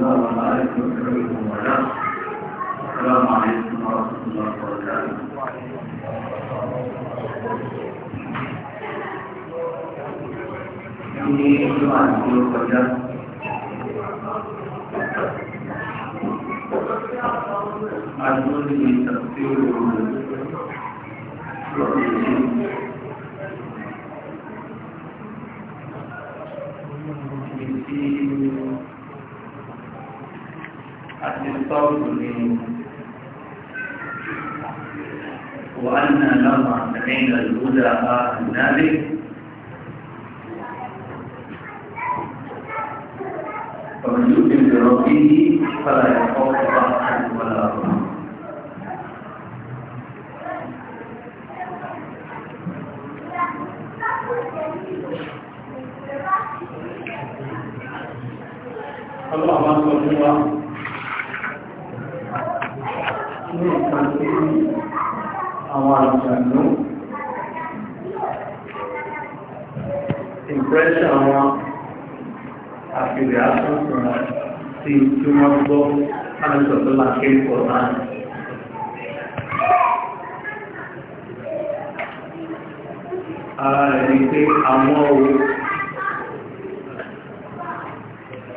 الله وبارك وسلم وبارك السلام عليكم ورحمة الله وبركاته Ini cuma dulu kerja. Aku di tafsir Thank you àti sọ́ọ̀tù ní وأن لما سمعنا الهدى آمنا به ومن يؤمن بربه فلا يخاف àwọn àjànú impression wọn àfihàn àtúntò sí tí wọ́n gbọ́ àmìsọ̀ tó máa ké pọ̀ náà ara rẹ̀ ni pé àwọn òun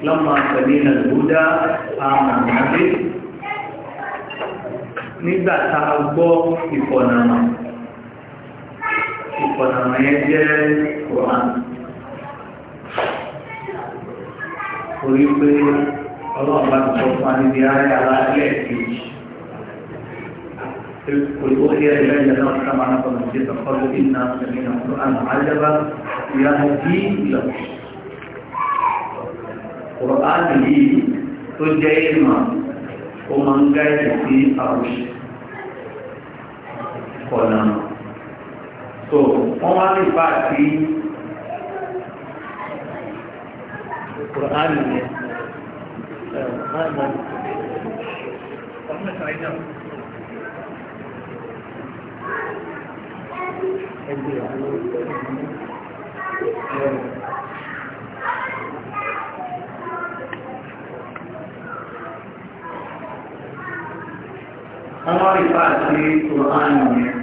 لما سبيل الهدى آمنا به nígbà tá a gbọ́ ìfọ̀nàmà ìfọ̀nàmà yẹn jẹ́ Quran orí pé ọlọ́run bá sọ fún àníbi ayé aláàlẹ́ kejì olùkọ́sí ẹ̀rí lẹ́yìn náà sábà máa ń kọ́ lọ́sí ìtọ́kọ́lù iná ìrìnà fún àná àjẹbá ìyanu bí ìlọ. Quran yìí tó jẹ́ ìmọ̀ ó máa ń gáyẹ̀ sí àwòṣe ọ̀nà so wọ́n wá ní bá sí Kùránì yẹn Wọ́n wá ní yẹn.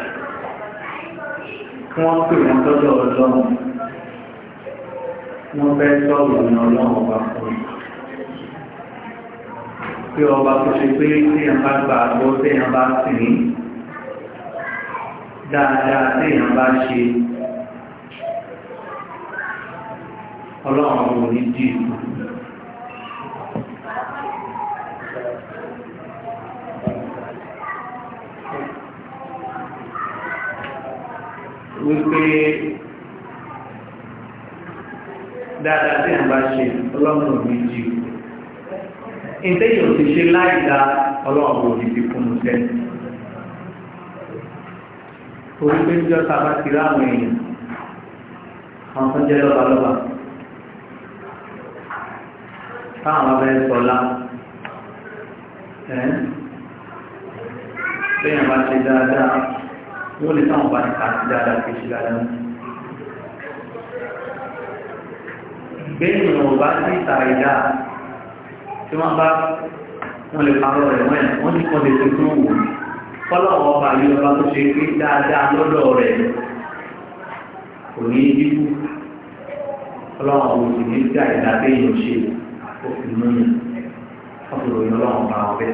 kí wọ́n pè wọ́n tọ́jọ́ ọlọ́run wọ́n fẹ́ sọ̀rọ̀ ní ọlọ́run ọba fún mi pé ọba tó ṣe pé téèyàn bá gbà àgbọ́ téèyàn bá sì ní dáadáa téèyàn bá ṣe ọlọ́run ò ní dì í. wípé dáadáa tí a bá ṣe ọlọ́run òbí jù ìtẹ́yìn òsì ṣe láì dá ọlọ́run òbí fi kún un sẹ́ orí pé ń jọ́ta bá ti ráwọn èèyàn àwọn tó jẹ́ lọ́balọ́ba táwọn abẹ́ sọlá ẹ́ bẹ́ẹ̀ bá ṣe dáadáa yóò lè táwọn bá ní ká sí dáadáa fi ṣe dáadáa. bẹ́ẹ̀ni ọba sí ìtàrídá tí wọ́n bá wọ́n lè parọ́ rẹ̀ wọ́n wọ́n ní kan lè ṣe fún òun fọ́lọ́wọ́ ọba yìí ọba tó ṣe pé dáadáa lọ́dọ̀ rẹ̀ kò ní dínkù fọ́lọ́wọ́ ọba òsì ní sí àìdá bẹ́ẹ̀ni ò òfin múni ọkùnrin ọlọ́wọ́ ọba ọbẹ̀.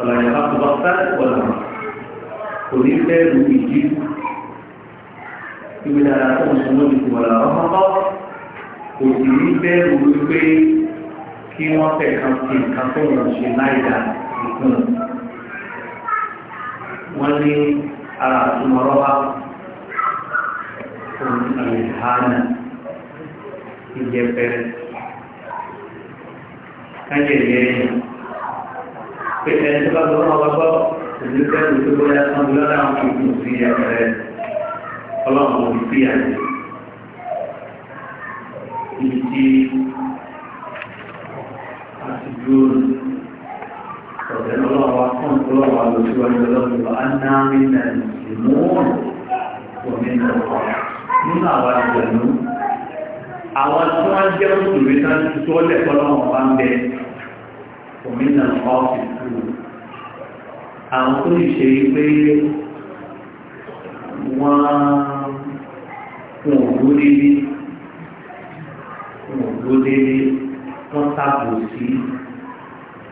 ọ̀làyàbá tó bá fẹ́ wọ́n lọ́wọ́ kò ní bẹ́ẹ̀rù ìdí ìwé dára tó ń sunú ti wọ̀lá ọmọkọ́ kò sì ní bẹ́ẹ̀rù wípé kí wọ́n fẹ́ kan sí nǹkan tó wọ́n ṣe láìda ìkùn wọ́n ní ara àtúmọ̀rọ́wá òun àlèhánà ìjẹpẹrẹ káyẹ̀yẹ̀ pé ẹni tó bá gbọ́ ìdílé tó bóyá kan lọ́dà àwọn ìlú sí ẹ̀rẹ́ ọlọ́run òbí sí àjẹ́ ibi tí a ti dúró ọ̀dẹ̀ ọlọ́run wa fún ọlọ́run wa lọ sí wájú ọlọ́run wa á ná nínú ìmúwọ̀n òní ọ̀pọ̀ nínú àwọn àjẹ̀nú àwọn tí wọ́n jẹ́ òṣèlú náà ti tó lẹ́kọ̀ọ́ lọ́wọ́ bá ń bẹ òmìnira ọ̀fíìsì àwọn tó lè ṣe pé wọ́n wọ́n gbó dédé wọ́n gbó dédé wọ́n sábò sí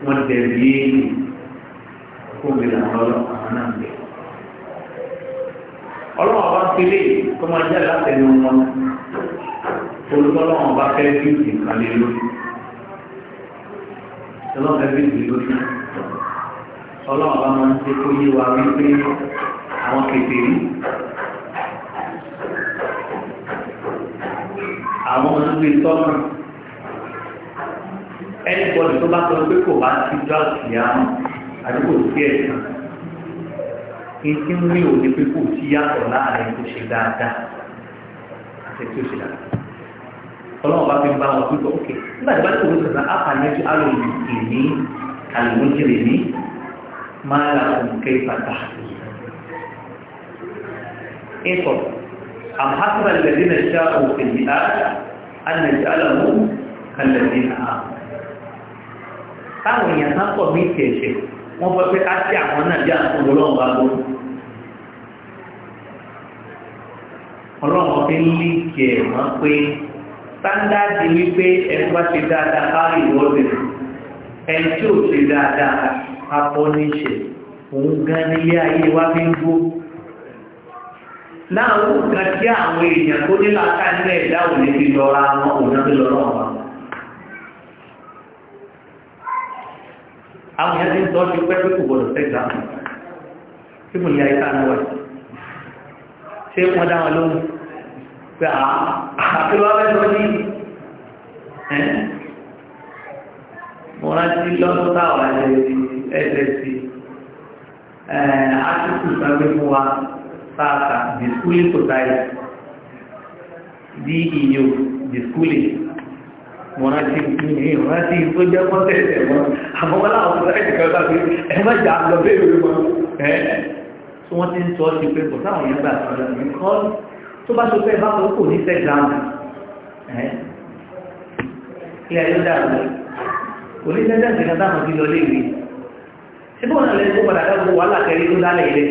wọ́n dẹ̀bi èyí kó mi làwọn ọlọ́pàá náà gbé. ọlọ́wọ́n bá kéré kó máa jẹ́ látẹnu wọn olùkọ́lọ́wọ́n bá fẹ́ bí ìkàlẹ́ lórí. ọlọ́wọ́n fẹ́ bí ìkàlẹ́ lórí ọlọ́run bá máa ń ṣe kó yé wa wípé àwọn kékeré àwọn ọmọ tó gbé tọ́nà ẹni bọ́ọ̀lù tó bá sọ pé kò bá ti dá òsì àmọ́ àdúgbò sí ẹ̀sán ìdí ń rí òní pé kò sí yàtọ̀ láàrin tó ṣe dáadáa àti tó ṣe dáadáa ọlọ́run bá fi ń bá wọn pípọ̀ òkè nígbà tí wọ́n ti kò ní sọ̀rọ̀ àpàlẹ́jọ́ àlòmù ìní àlòmù jìrì ما لكم كيف تحكمون انظر أم حسب الذين اشتروا في المئات أن نجعلهم كالذين آمنوا táwọn èèyàn tán pọ̀ mí ti ẹ̀ṣẹ̀ wọ́n fẹ́ pé ká sí àwọn náà bí àwọn ọlọ́run bá gbọ́ ọlọ́run fi ń lé jẹ pé sáńdáàdì wípé ẹni ṣe dáadáa bá ìwọ́dẹ̀ ẹni tí ò ṣe dáadáa apọ́níṣẹ̀ òun gan nílé ayé wá fi ń gbó láàrín nǹkan tí àwọn èèyàn tó ní láta nílẹ̀ ẹ̀dá ò ní fi lọ́ra wọn òun náà fi lọ́rọ̀ wọn àwọn èèyàn ti ń tọ́jú pé pé kò gbọdọ̀ sẹ́gbà kí mo ní ayé tá a ṣé wọ́n dá wọn lóhùn pé àkàtúwà fẹ́ lọ ní mo rántí lọ́dún táwọn ẹ̀rẹ́ ẹ̀ẹ́dẹ̀sì àtúntò sáré fún wa sáàtà the schooling society deo the schooling mọ̀rántí ìrántí tó jẹ́ kọ́tẹ̀ẹ̀tẹ̀ mọ́ àmọ́ wọ́n láwọn ọ̀pọ̀ ẹ̀ẹ́dẹ̀ kan sáfẹ́ ẹ̀mẹ́jà lọ bẹ́ẹ̀ rẹ̀ mọ́ ẹ̀ẹ́ tí wọ́n ti ń tọ́ sí pé bọ̀ táwọn yẹn gbà sọ́dọ̀ nìkan tó bá ṣe fẹ́ bá kọ́ kò ní fẹ́ gbàmù ẹ̀ẹ́ ilẹ̀ ló dàrú oníṣẹ́jẹ́ ìgbìyànjú àmọ́ ti lọ léèrè síbò náà lẹ́yìn tó padà dábò wàhálà kẹrin tó dálẹ̀ ilé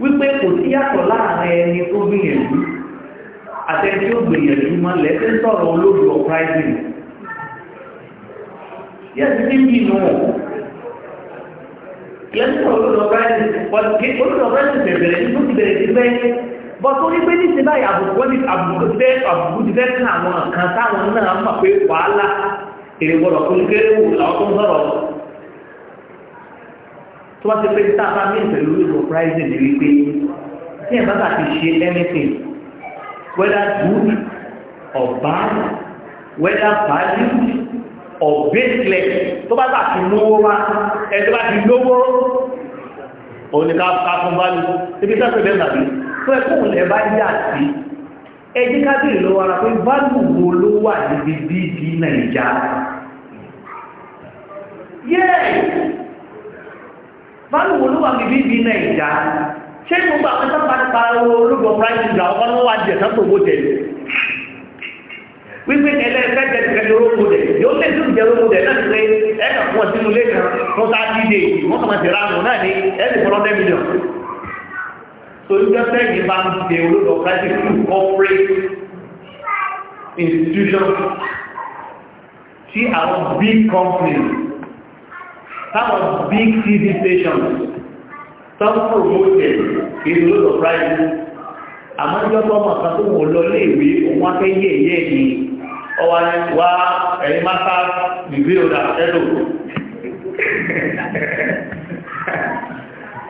wípé kò sí yàtọ̀ láàrin ẹni tó gbìyànjú àtẹni tí ó gbìyànjú mọ́ lẹ́sẹ̀ sọ̀rọ̀ olóògbé ọ̀práìsìn yẹ́sì tí bí nù lẹ́sẹ̀ sọ̀rọ̀ olóògbé ọ̀práìsìn pọ̀lùkì olóògbé ọ̀práìsìn bẹ̀rẹ̀ ní tó ti bẹ̀rẹ̀ sí fẹ́ bọ́ tó ní pé ní ti báyìí àbùkù ti fẹ́ kan àwọn kan táwọn náà mọ̀ pé wàhálà èrè gbọ́dọ̀ kó ní kéré wò láwọn tó ń sọ̀rọ̀ tó bá ti pé tá a bá ní ìpẹ̀lú ìlú pricing ni wípé tí ẹ̀ bá bá ti ṣe anything whether good or bad whether valued or baseless tó bá bá ti lówó wá ẹ̀ tó bá ti lówó òun ni ká fún value ibi sẹ́sẹ̀ bẹ́ẹ̀ tàbí tó ẹ kóhùn ẹ bá yà sí ẹ jẹ́ ká bèèrè lọ́wọ́ ara pé value wo ló wà níbi dídí nàìjíríà yẹ́ẹ̀ báwo ló wà níbí bí nàìjà ṣé gbogbo àkọsọ pàtàkì ológun price ìgbà ọkọ ló wà jẹ sábò owó jẹ wípé ẹlẹ́ẹ̀fẹ́ jẹ ti kẹjọ ológun jẹ yóò lè tún jẹ ológun jẹ náà pé ẹ̀ka fún ọtí nulẹ̀ kan fún sáà dídé wọ́n kàn máa ti ránù náà ní ẹ̀sìn fọlọ́ ten million sojúdọ́sẹ́ yìí bá ń ṣe ológun price to corporate institutions sí àwọn big companies some of big TV stations, some promoted is a lot of prizes. Àmọ́jọ́ tó ọmọ kan tó wọ́n lọ lé ìwé òun afẹ́ yé èyé ni ọwá ní wá ẹ̀yìn máta ìwé ọ̀dà ẹ̀lò.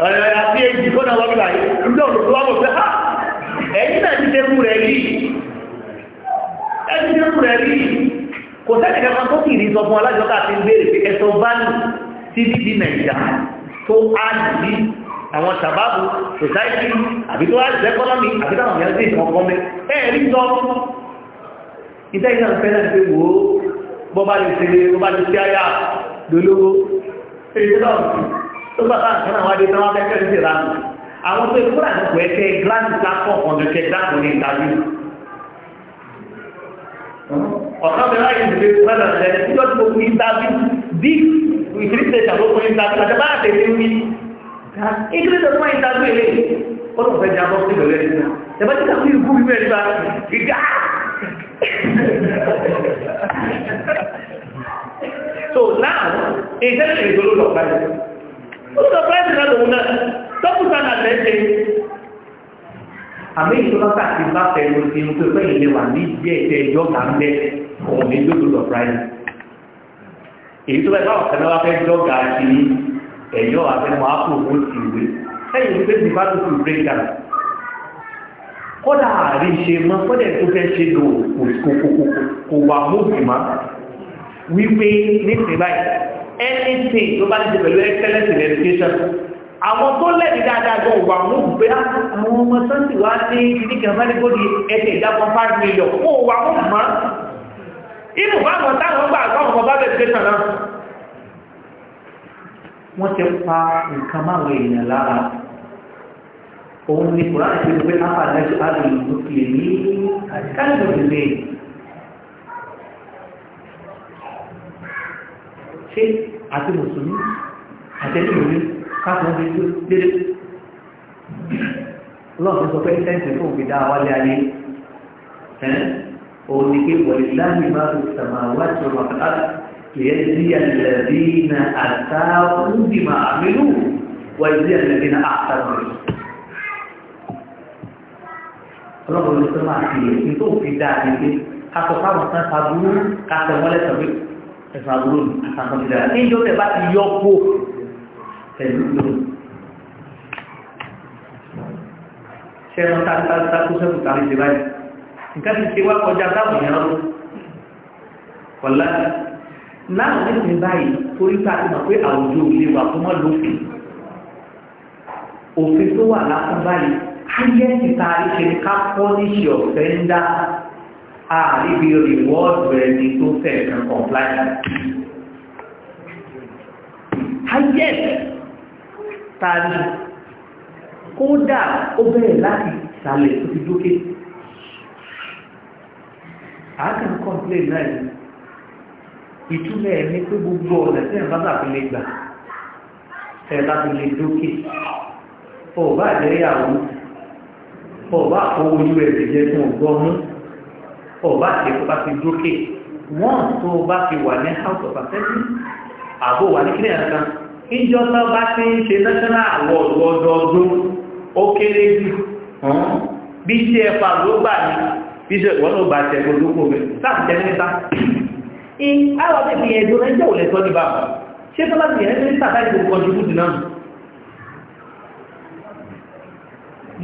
Ọ̀rẹ́ àti èjì kọ́nà wọ́pìlà yìí, ìjọ́ òṣèlú wọ́n mọ̀ pé ha! Ẹ̀yìn náà ti dẹ́kù rẹ̀ rí. Ẹ̀yìn dẹ́kù rẹ̀ rí. Kò sẹ́ni kẹfà tó kìí sọ fún alájọ́ká àti ń béèrè pé ẹ̀sọ́ bá nì títí di nàìjíríà tó áàdì àwọn sàbábù society àbí tó áàdì economy àbí táwọn ìyànjú ìkan kan mẹ́ ẹ̀ rí sọ ìdá ìyá ìfẹ́ náà pé wò ó bọ́ bá lè ṣe bó bá lè ṣe ayá lólówó èyí lọ tó bá grand platform ọ̀dọ̀kẹ́ dáàbò ní ìtàlú ọ̀kan bẹ̀rẹ̀ láyé ìdílé mẹ́ta ẹ̀ẹ́dẹ́ tí wọ́n ti gbogbo ìtàbí bí ìfìrìsẹ̀ṣà ló pín ìtàbí àti bá àtẹ̀lé wí ìfìrìsẹ̀ tó máa ìtàbí èlé ó lọ fẹ́ jábọ́ sí ìbẹ̀rẹ̀ nígbà ẹ̀bá tí kàfí ìgbú bí bẹ́ẹ̀ nígbà ìgá so now ìtẹ́lẹ̀ ìgbòló lọ àmì ìṣòro láti bá fẹ̀rù irun pé pé ìlẹ̀ wà ní díẹ̀ tẹ ẹjọ́ bá ń bẹ́ òun ní gbogbo lọ friday èyí tó bá ìbá ọ̀sẹ̀ náà wá fẹ́ jọ́gà sí ẹ̀yọ́ àfẹnumọ́ àpò òun sì wé sẹ́yìn wípé ti bá tó fi break down kódà àrí ṣe mọ́ kódà tó fẹ́ anything tó bá ti ṣe pẹ̀lú àwọn tó lẹ́ni dáadáa gan wà mú pé ah, àwọn ọmọ sọ́ńtì wá sí ìdíkẹ̀ mẹ́rìnbódì ẹ̀tẹ̀ ìdápọ̀ 5 million ó wà mú mọ́ inú bá wọn táwọn gbà àgbà ọmọ bá bẹ̀ tẹ́sàn náà wọ́n ti pa nǹkan máwọn èèyàn lára òun ni kùrá ti pé ápàdájú ah, àrùn ìlúkìlì ní káàkiri ìlú ṣe àti mùsùlùmí àtẹ́lẹ̀ ìlú káàkiri ọdún ìlú dédé lọ́ọ̀tún sọ pé sẹ́ǹsì fún òfin dá wálé ayé òun ni pé wọ̀lẹ̀ láàrin máa fi sàmà wájú ọmọ àkàkà kìí sí àlẹ́bí na àtà òǹdì máa mílù wà sí àlẹ́bí na àtà rẹ̀ ọlọ́run ló sọ máa fi èyí tó fi dá ní pé kásọ káwọn kan sàbúrú kásọ pẹ̀lú lórí ṣẹ́ran tákúsẹ́kù tàbí ṣe báyìí nǹkan ti ṣe wá kọjá táwọn èèyàn rú kọ̀lá láwọn nípìn báyìí torí tá a ti mọ̀ pé àwùjọ òlé wà fún mọ́ lófin òfin tó wà lásán báyìí ayé ti ta ṣe ká pọ́ níṣẹ́ ọ̀fẹ́ ń dá àríbi rìwọ́ọ̀dù ẹni tó fẹ̀ẹ̀kan kọ̀ǹpláìsì. ayé tààrí kódà ó bẹ̀rẹ̀ láti ìsàlẹ̀ tó fi dókè àákàn kọ́ńplé náà ìtumẹ̀ ní pé gbogbo ọ̀nà tí ẹ̀bá bá fi lè gbà ẹ̀bá fi lè dókè ọ̀bá àjẹ́yàwó ọ̀bá owó ilú ẹ̀rẹ̀ jẹ́ fún ọgbọ́mú ọ̀bá tí ẹ̀kọ́ bá fi dókè wọ́n tó bá fi wà ní house of assembly àbó wà ní kílẹ̀ ìjọ tó bá ti ń ṣe national award lọ́dọọdún ó kéré jù bí tí ẹ fà ló gbà ní bí tí wọ́n ló gbà tẹ̀ olóko rẹ̀ sáà jẹ́ níta. àwọn ọmọ ìgbìyànjú ẹjọ́ rẹ̀ jẹ́ òlẹ́tọ́ ní bàbá ṣé tó bá ti yẹn ní sàtà ìgbò kọjúkúdù náà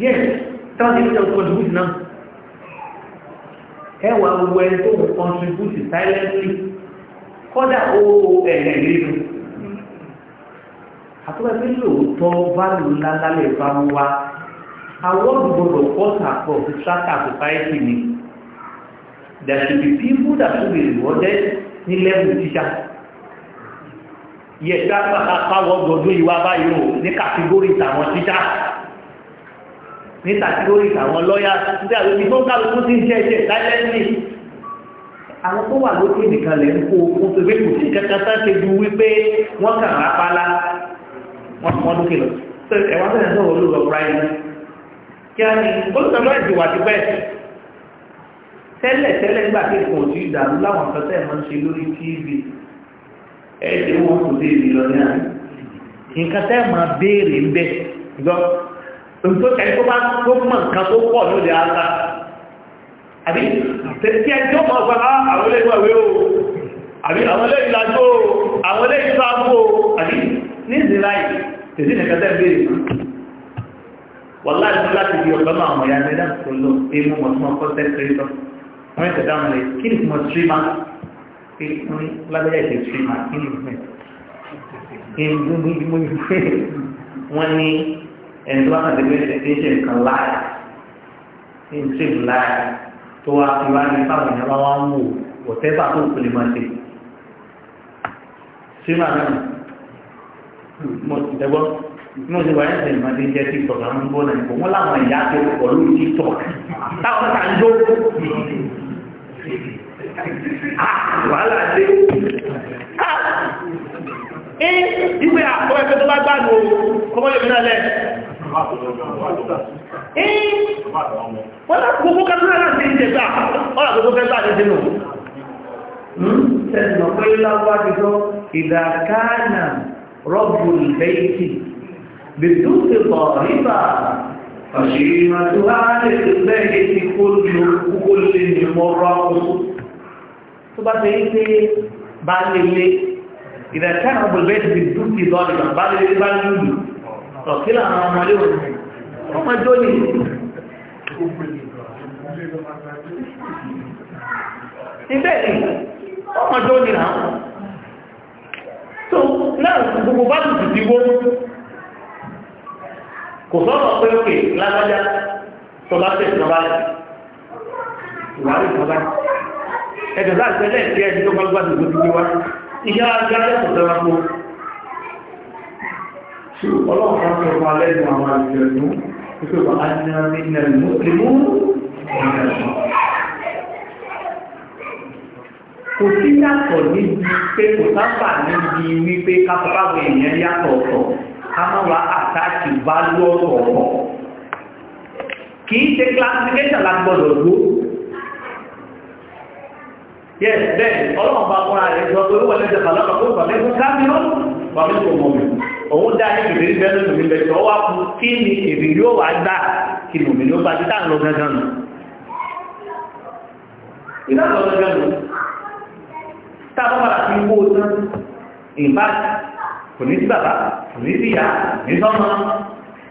yes tó bá ti yẹn kọjúkúdù náà ẹwà gbogbo ẹni tó kọjúkúdù silently kọ́dà ó ẹ̀rẹ̀ nínú àtúwẹ́gbẹ́ lóòótọ́ báàlù ńláńlá lè bá ń wá awọ́dù gbọdọ̀ pọ́tà pọ̀ sí tíráta society ni there should be people that should be rewarded ní level teacher yẹ tíráta àpáwọ̀ gbọdọ̀ ìwà báyìí o ní kàtígórì tàwọn tíṣà ní kàtígórì tàwọn lọ́yà nígbà tó ti fún kálukú sí iṣẹ́ iṣẹ́ sáyẹ́ǹsì àwọn tó wà lókè nìkan lè ń kó okun tó gbé kò sí kẹta sáṣe ju wípé wọ́n kàn rápálá wọ́n lókè lọ so ẹ̀wọ́n tó yẹn tó wọ́n lóòrọ̀ prime náà kí á ní olùsọ̀rọ̀ náà ti wà ti pẹ́ tẹ́lẹ̀ tẹ́lẹ̀ nígbà tí kò tí ìdàrú láwọn kan tẹ́ ṣe lórí tv ẹ̀ ṣe wọ́n kò dé ìlú lọ ní àná nǹkan tẹ́ máa béèrè ń bẹ̀ gbọ́ tó ẹni tó bá tó mọ̀ nǹkan tó pọ̀ lóde àṣà àbí tí ẹjọ́ mọ̀ ọ̀gbọ́n ah, àwọn ilé ìwà wé àbí àwọn ilé ìlàjò àwọn ilé ìfàgbò àbí ní ìsinmi tèsí nìkan tẹ́ béèrè mọ́ wàhálà ìlú láti di ọ̀gá máa mọ̀ ya ní ẹ̀dá tó lọ èèmù mọ̀ tó mọ̀ kọ́ sẹ́kẹ̀rì lọ wọ́n yẹn tẹ̀dá mọ̀lẹ́ kí ni mọ̀ tírìmà kí ni lábẹ́yà ìṣe tírìmà kí ni mọ̀ wọ́n ní ẹni tó wá kàdé pé ṣe ṣe nǹkan láàyè ṣe ẹgbọ́ ní oṣù wáyé ṣe ìmọ̀ tí ń jẹ́ tiktok àwọn ń gbọ́ náà nípò wọ́n láwọn ìyá tó pọ̀ lórí tiktok táwọn ta ń jó ah, wàhálà dé ah, ẹ ìwé àpọ̀ ẹgbẹ́ tó bá gbàgbọ́ kọ́mọ́ lè mìíràn lẹ́ wọ́n láti gbogbo kẹsàn-án láti ń jẹta رب البيت بالدوس طاربة فشيمتها للبيت كل كل مرة تبقى بعد الليل إذا كان رب البيت بالدوس ضاربة بعد الليل بعد الليل فكلا أنا عمليهم هم دولي إبالي هم دولي هم tó náà gbogbo bá tù ti wó kò sọ̀rọ̀ pé òkè lágbájá tó bá tẹ̀ ìjọba ìwádìí ìjọba ẹ̀dọ̀ láti tẹ́lẹ̀ tí ẹni tó bá gbádùn tó ti gbé wá ìyá ajá lẹ́kọ̀ọ́ tẹ́ra fún ṣe ọlọ́run kan tó wà lẹ́nu àwọn àjẹ̀dún nípa àjẹ̀dún nípa ìmú ìmú ìmú kò sí yàtọ̀ níbi pé kò sábà níbi wípé kápákọ̀ èèyàn yàtọ̀ ọ̀tọ̀ ká má wá àtàkì bá lú ọ̀tọ̀ ọ̀tọ̀ kì ṣe classification la gbọ́dọ̀ ló yes bẹ́ẹ̀ ọlọ́run bá fúnra rẹ̀ sọ pé ó wọlé ṣe pàlọ́pàá tó bàbá ẹ̀kọ́ kámírọ́n bàbá ẹ̀kọ́ mọ̀ mi òun dá ní bèbè ní bẹ́ẹ̀ lónìí bẹ́ẹ̀ tó wá fún kí ni èmi yóò wá gbà kí ni òmìnira bá ti dáhùn lọ gángan nù ìdáhùn gángan nù tá a bá padà fi owó tán ìbá kò ní sí bàbá kò ní sí ìyá ní sọ́mọ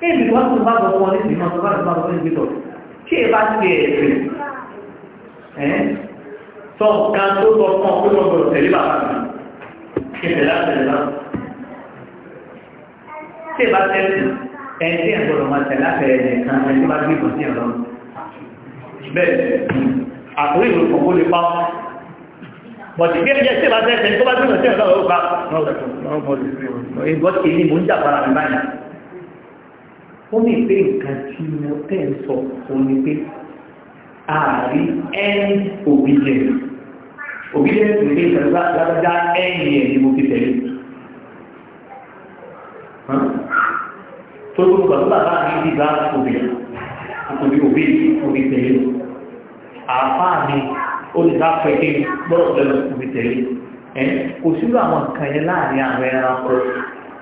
èyí wọ́n tún bá gbọ́ ní ìmọ̀ tó bá tún bá gbọ́ ní ìgbésọ̀ kí ẹ bá ti ẹ̀sìn ẹ̀ sọ kan tó sọ kan tó sọ gbọ́dọ̀ tẹ̀lé ẹni tó bá gbé ìbọn sí ẹ̀rọ bẹ́ẹ̀ àtúrò ìròkàn kó lè pa bọ̀dì bí ẹ̀jẹ̀ tí wàá tẹ̀sẹ̀ tó bá dúró sí ọ̀dọ́ ọ̀rọ̀ bá ẹ̀gbọ́ ti ní mò ń jà fara mi báyìí. ó ní pé nǹkan tí mo tẹ̀ ń sọ òun ni pé ààrí ẹni òbíjẹ òbíjẹ tó ṣe ìtàgbà lágbájá ẹ̀yìn ẹ̀ ni mo fi tẹ̀lé. tó gbogbo àgbà bá mi ti bá òbí òbí òbí tẹ̀lé àáfàá mi ó lè bá pẹ́ kí gbọ́dọ̀ lẹ́nu ibi tẹ̀lé ẹ̀ kò sílò àwọn nǹkan yẹn láàrin àwọn ẹranko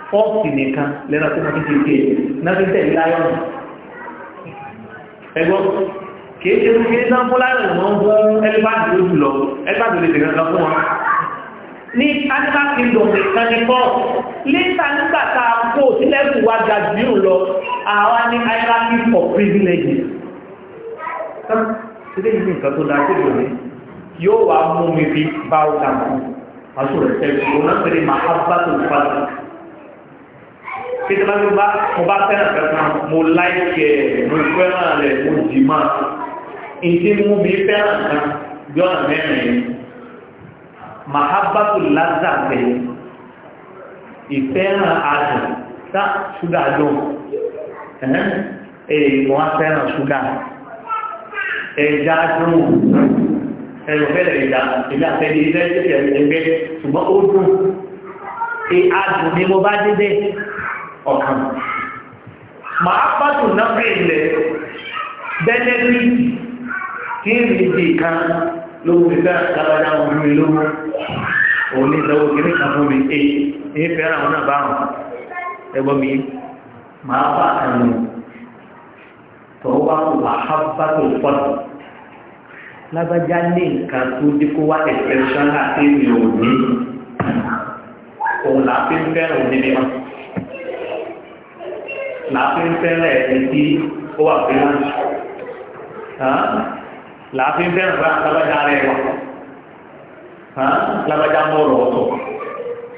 fọ́ọ̀sì nìkan lẹ́nu tó máa fi ṣe náà fi tẹ̀lé láyọ̀nù ẹgbọ́n kìí ṣe fún kìí sáńpọ́ láyọ̀nù wọn fún ẹlẹ́bàdì tó jù lọ ẹlẹ́bàdì lè tẹ̀lé lọ fún wọn ní animal kingdom nìkan ní fọ́ lẹ́tà nígbà tá a kó sílẹ̀kùn wa ga jù lọ àwa ní hierarchy for privileges. Ṣé ilé ìgbìmọ̀ tó dáa ṣe lò ní yóò wá mú mi bí báwo la mú pàṣẹ rẹ̀ tẹ̀lé o náà pèrè mà á bá tó fa lọ. Pétémá ló bá mo bá fẹ́ràn kankan mo láìkẹ̀ mo fẹ́ràn rẹ̀ mo jì máa. Ìdí mú mi fẹ́ràn kan bí ọ̀nà mẹ́rin mà á bá tó lázà pẹ̀ ìfẹ́ràn adùn tá ṣúgà dùn. Ẹ̀ẹ́n fẹ́ràn ṣúgà ẹja ẹ̀rọ fẹ́lẹ̀ ìjà èmi àtẹ́lẹ̀ ilé di kan lówó ìgbà lábàdà wọn mi lówó òun ní ìlọ́wọ́ kìíní kan fún mi ẹ̀ ní fẹ́ràn àwọn náà bá wọn ẹgbọ́n mi màá bá àyàn tọ́wọ́ wà á bá lágbájá ní nǹkan tó dé kó wá ẹ̀fẹ̀ṣọ́ láti mi ò ní òun láti ń fẹ́ràn níbi wọn láti ń fẹ́ràn ẹ̀sìn tí ó wà fún wọn láti ń fẹ́ràn lágbájá rẹ̀ wà lágbájá mọ̀rọ̀ ọ̀tọ̀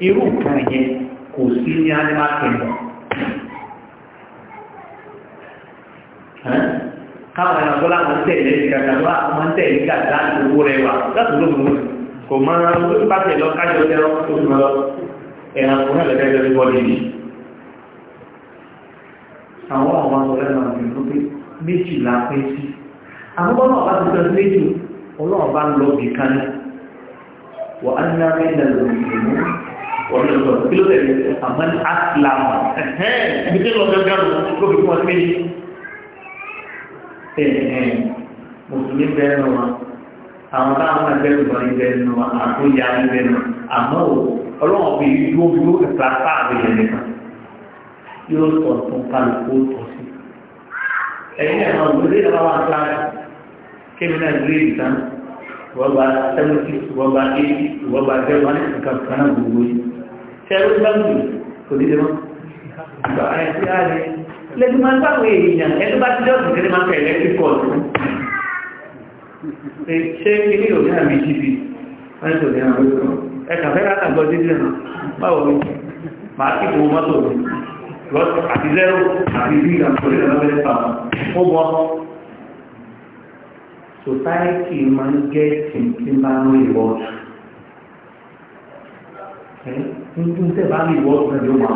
irú nǹkan yẹn kò sí ní animal kingdom. káwọn ẹ̀rọ gbọ́dọ̀ àwọn tẹ̀lé kàkà lọ́wọ́ àwọn tẹ̀lé kàkà owó rẹ̀ wà láti ló mú kò mọ bá tẹ̀lọ kájọ tẹ̀lọ tó mọ lọ ẹ̀rọ kò náà lẹ́gbẹ̀ẹ́ lórí bọ́ọ̀lì yìí. àwọn àwọn ọ̀rẹ́ náà ní ló pé méjì là pé sí àwọn bọ́ọ̀lù ọ̀bá ti sọ méjì ọlọ́run bá ń lọ bì kan wà á ní abẹ́ ìdàgbàsókè mùsùlùmí bẹ́ẹ̀ nù wọn àwọn táwọn náà bẹ́ẹ̀ lùbọ̀ ní bẹ́ẹ̀ nù wọn àtúnyà ní bẹ́ẹ̀ nù àmọ́ ò ọlọ́wọ́n fi dúró dúró ìta sáàbì yẹn nìkan yóò sọ fún kálukú tó sí. ẹ̀yin ẹ̀rọ ìgbésẹ̀ ìjọba wa ń sáré kémi náà gbé ìtàn ìwọ́gba sẹ́mùtì ìwọ́gba éjì ìwọ́gba jẹ́wọ́n ní nǹkan kan náà gbogbo yìí lẹ́nu máa ń báwọn èèyàn ẹni bá ti dọ́ọ̀tì kẹ́lẹ́ máa ń fẹ́ electric cord ṣe ilé òní àmì ìṣìbí wọ́n tó ní àwọn ẹ̀kà fẹ́rẹ́ àtàgbọ́ títí zero àti bí ìgbàmọ̀lẹ́ lọ́wọ́lẹ́ pàmò ó bọ́ society máa ń gẹ́ tìǹtì máa ń rí wọ́ọ̀tù ẹ̀ ń dún tẹ́ bá rí wọ́ọ̀tù náà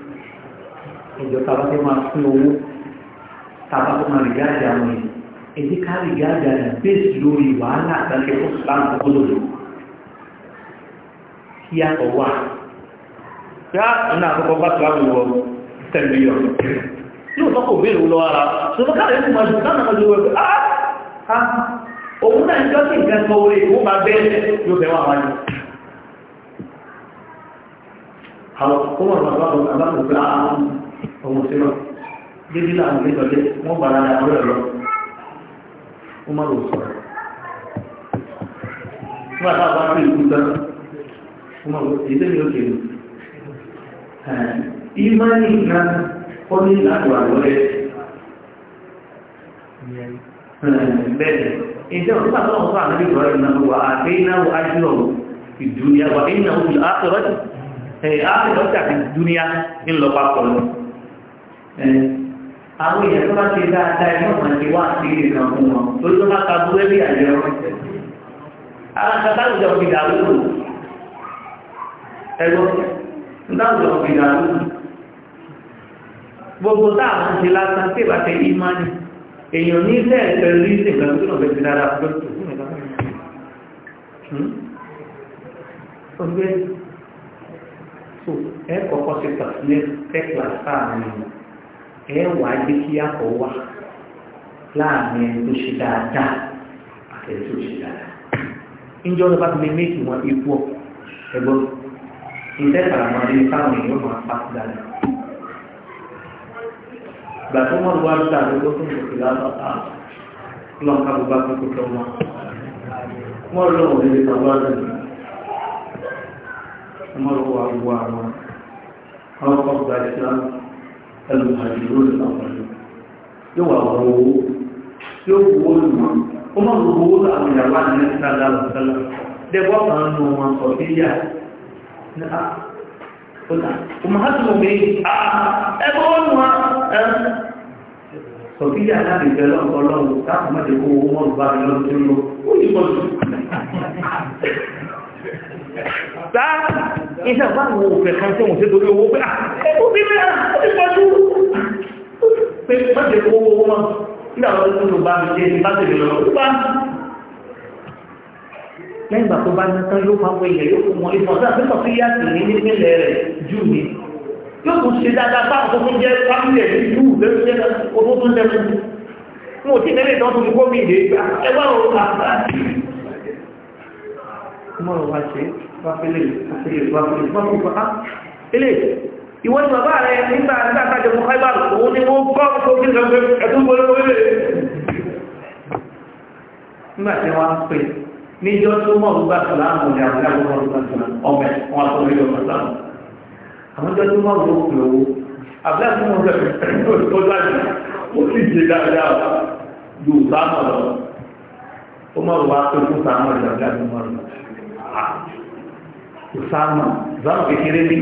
ẹjọ tàbá tó máa fún owó tàbá tó máa rìgá àjà wọn yìí èdè ká rìgá àjà rẹ̀ bẹ́ẹ̀sì lórí wàhálà àtàkẹ́ fún ìsìlámù tó lòlò kí àtọ̀ wà yá ọ̀nà àkọ́kọ́ bá tó àwọn ìwọ̀ tẹ̀lé yọ yóò tọ́kọ̀ béèrè lọ ara ṣùgbọ́n káàrẹ̀ ẹ̀kùn máa ṣùgbọ́n náà lọ́wọ́ ẹ̀kùn áá òun àwọn ọmọ ìwọ̀n ọmọ sí náà dédé làwọn ọmọ ìjọdé wọn gbà lára àwọn ẹ̀rọ ó má lò sọ̀rọ̀ nígbà tá a bá pè ìlú tán ó má lò èdè mi ò kéwì ìmánì náà ó ní ìlànà àlọ́lẹ̀ bẹ́ẹ̀ ìjọ nígbà tó ń sọ àwọn ìjọba ìnáwó àtẹ́yìnáwó ájúlọ̀ ìdúnyà wà nínú àwọn ìlú àkọrọ̀ àkọrọ̀ àti dúnyà ńlọpàá àwọn èèyàn tó bá ti dáadáa iná wọn ti wá sí ilé fún wọn tó tó bá ta búrẹ́ bí wọn kata fi dàrú ẹgbọ́n ìdáwùjọ fi gbogbo táà ń ṣe lásán tí ìbàtẹ ìmánì èèyàn ní ilé ẹ̀sẹ̀ rí sí ìgbà tó ti dára ẹ wà á jẹ́ kí wá ṣe dáadáa àti ṣe dáadáa. Ìjọ ọ̀dọ́ bá ti lè méjì wọn ikú ọ ẹgbọ́n. Ìjẹ́ ìfàràmọ́ ní táwọn èèyàn máa pa sí dáadáa. Ìgbà tó wọ́n wá lọ́dà ló tó ń bọ̀ lábàtà lọ́n ká gbogbo wọn. lọ wá lọ wọ àwọn المهاجرون الأولين yóò wà wọ owó yóò wọ olùmọ ó má gbogbo owó àwọn ìyàwó àti ẹ̀ka aláwọ̀sálà dẹ́gbọ́ kan nù wọn sọ sí yà ọmọhásùnmọ̀ mi ẹgbọ́ wọn nù wọn sọ sí yà láti ìfẹ́ lọ́wọ́lọ́wọ́ káàkùn gbá iṣẹ́ ìfáàwò òfẹ́ kan tí wọ́n ṣe torí owó pé ah, ẹkú bí mẹ́ àpọ̀jú ah, pé yóò fáwọn ṣe dáadáa bá àwọn jẹ́ fámílẹ̀ ní jù lẹ́sẹ̀ owó tó jẹ́ fún mo ti lẹ́lẹ̀ tó tún gómìnà ẹgbẹ́ òun àbá mọ́rọ̀ wá ìwọ́n ni bàbá rẹ̀ nígbà àtàjọ fún haibáru òun ni wọ́n bá ọkọ̀ sí ìrọ̀gbẹ̀ ẹ̀tún gbọ́lọ́wọ́ ilẹ̀ nígbà tí wọ́n pè níjọ́ tó mọ̀ ń gbà tọ́lá àwọn ìyàwó lábọ́n ọmọ wọn tó mẹ́jọ pàtàkì àwọn ìjọ́ tó mọ̀ ń pè owó àbúláàtí wọn rẹ̀ tó láti ó sì jẹ dáadáa yóò sáà mọ̀ lọ ó mọ̀ wá pé fún sáà ìsáàmù ìsáàmù kékeré ní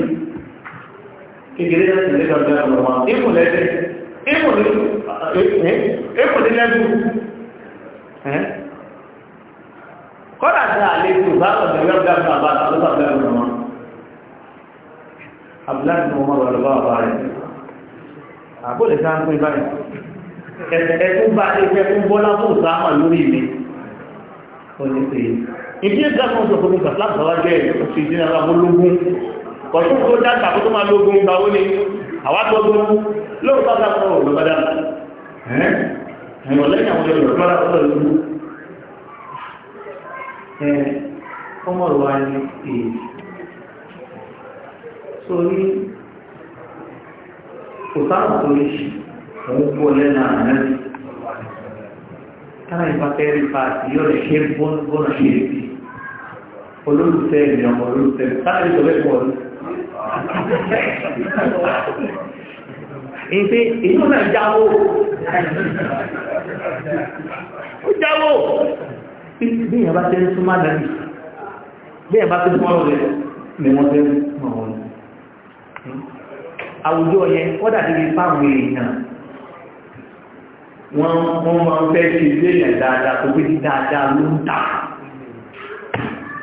kékeré láti lè gbàgbé àwọn ọmọ ìmù lẹ́gbẹ́ ìmù lẹ́gbẹ́ kọ́lá tí a lè tó sáàmù lè gbàgbé àwọn àbá àlọ́sàgbé àwọn ọmọ àbúláàdì ni wọ́n wà lọ́wọ́ àbá rẹ̀ àbó lè sáà ń pín báyìí ẹ̀ẹ̀kún bá ẹgbẹ́ fún bọ́lá fún sáàmù lórí mi ó ní pé ìdí ẹ̀dá kan sọ fún ìgbà láti ọ̀rọ̀ jẹ́ ìṣe ìdí náà lọ́gbọ́n lógún kọ̀tún tó dáta kó tó máa lógún gba ó ní àwátọ́gbọ́n lóòótọ́ dáta ọ̀rọ̀ ló bá dáta ẹ̀yìn ọ̀lẹ́yìn àwọn ọ̀rọ̀ lọ́dá ọ̀rọ̀ lógún ẹ̀ ọmọ rẹ̀ wá ní èyí sórí kò sáà tó lè ṣe òun kú ṣe bọ́nà ṣe rí olólùfẹ́ mi ọmọ olólùfẹ́ mi sáré sọ fẹ́ pọ̀ ní. ìpè ìlú náà jáwó ó jáwó bí ìyẹn bá tẹ́ ń súnmọ́ àdáyé bí ìyẹn bá tẹ́ ń súnmọ́ ọ̀rẹ́ ni wọ́n tẹ́ ń mọ̀ wọ́n àwùjọ yẹn wọ́n dàbí bí fáwọn èèyàn wọ́n máa ń fẹ́ ṣe ilé yẹn dáadáa kò gbé dáadáa ló ń ta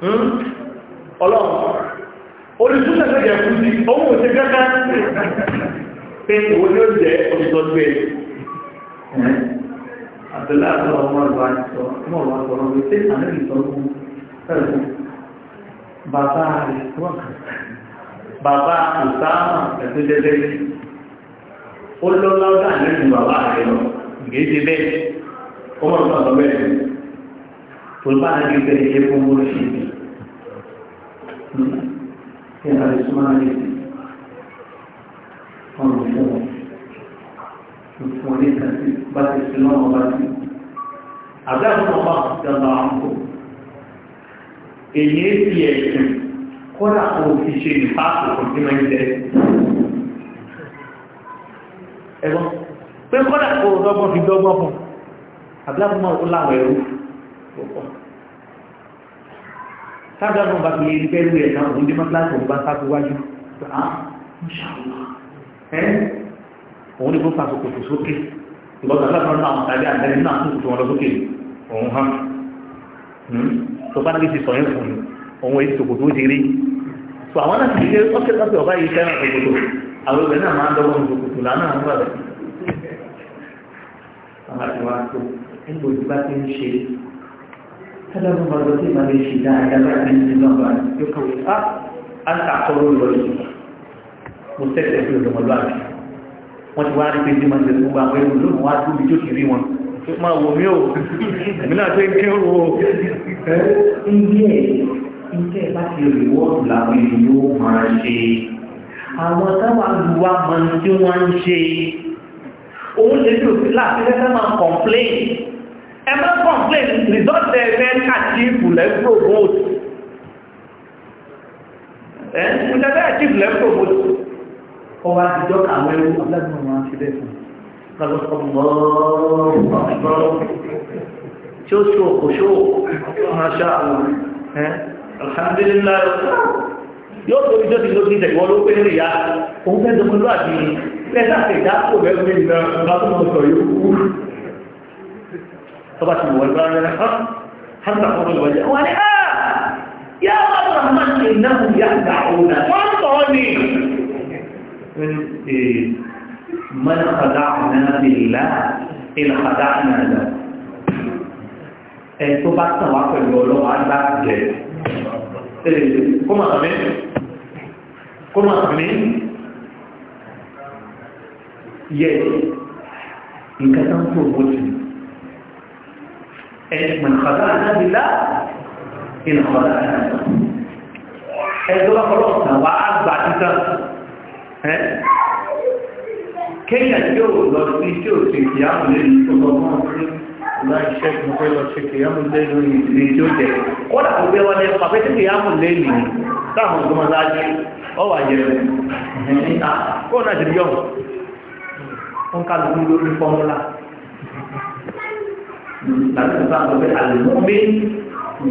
Hmm? ọlọ́run olùsúnlẹ̀ tó jẹ fún sí ohun òṣè gẹ́gẹ́ pé ìwò ni ó jẹ olùsọ́gbé àtẹ́lá àtọ́lọ́ ọmọ ìwà ìsọ ọmọ ìwà ìsọ ọmọ ìsẹ́ àmì ìsọgbó pẹ̀lú bàbá rẹ̀ wọ́kà bàbá ìsáàmà ẹ̀tọ́ jẹ́jẹ́ ó lọ́lọ́dà lẹ́nu bàbá rẹ̀ lọ gẹ́gẹ́ bẹ́ẹ̀ ọmọ ìsọgbó bẹ́ẹ̀ fulmana bi bẹ̀rẹ̀ ṣe fún mú sí ibi ṣe àrẹ súnmọ́ ní ọ̀rọ̀ fún wọn fún wọn ní kàtí bá ti sí lọ́wọ́ bá ti àgbà fún ọba ìjọba àpò èyí ti ẹ̀sìn kódà kò fi ṣe ìpáàpò kò sí máa ń jẹ ẹ̀gbọ́n pé kódà kò sábà náà bá fi lè rí pẹ́lú ẹ̀ náà òun dé máa kíláàsì òun bá sáfù wájú ah, òun ní kó fa sòkòtò sókè ìgbọ́dọ̀ aláàbọ̀n náà tàbí àgbẹ̀rẹ̀ náà tó kòtò wọn lọ sókè òun hàn hmm? tó bá nàbí ti sọ yẹn fún òun èyí sòkòtò ó ti rí tó àwọn náà ti ṣe ọ́kẹ́ lọ́sẹ̀ ọba yìí fẹ́ràn sòkòtò àwọn obìnrin náà máa ń dọ́wọ́ sòkòtò lánà àwọn bàbá ثلاث مرات ماليشي لا علاقة من النظر يقول أه أن تعصروا الوجه مستقبل في الملوان wọ́n ti wá rí pé tí ma ń tẹ̀sùn gba àwọn ẹ̀rùn lónìí wá tó bí jó kiri wọn tó máa wò mí ò mílá tó ń kí ó wò ó. ilé ẹ̀ ilé ẹ̀ bá ti rí wọ́ọ̀dù làwọn èèyàn yóò máa ṣe àwọn táwọn àlùwà ẹ complain result ẹ fẹ́ àti ìfùlẹ̀ promote ẹ ń tẹ́lẹ̀ àti ìfùlẹ̀ promote ọwọ́ àtijọ́ àwọn ẹrú ọlọ́gbọ̀n wọn ti bẹ́ẹ̀ fún tí ó ṣó kò ṣó ọ̀rọ̀ṣà àwọn ẹ̀ alhamdulillah yóò tó ìjọ́ ti lókí ìjẹ̀ ìwọ́n ló pé rí ya òun fẹ́ jọmọlúwà bí ẹ̀sà tẹ̀dá kò طبعا الوزان الحق هل تقول الوجه والآن يا رب الرحمن إنهم يخدعون وانطوني إيه؟ من خدعنا بالله إن خدعنا له ẹ̀tọ́ bá tàn wá عن بعد agbáàgbẹ̀ كما máa كما kó máa إن yẹ nǹkan من خدعنا بالله إن خدعنا ẹ̀dọ́lá ọlọ́ọ̀tà wà á gbà títà ẹ́ kéyà tí ó lọ sí tí ó ṣe kìyàmù lé ní ọgbọ̀n ọ̀rọ̀ iṣẹ́ ìgbọ̀fẹ́ lọ ṣe kìyàmù lé lórí ìdílé tí ó jẹ́ kọ́dà kò gbé wọlé pàpẹ́ tí kìyàmù lé nì táwọn ọgbọ̀n ọ̀dájú láti sọ àwọn pé àlùmọ́mí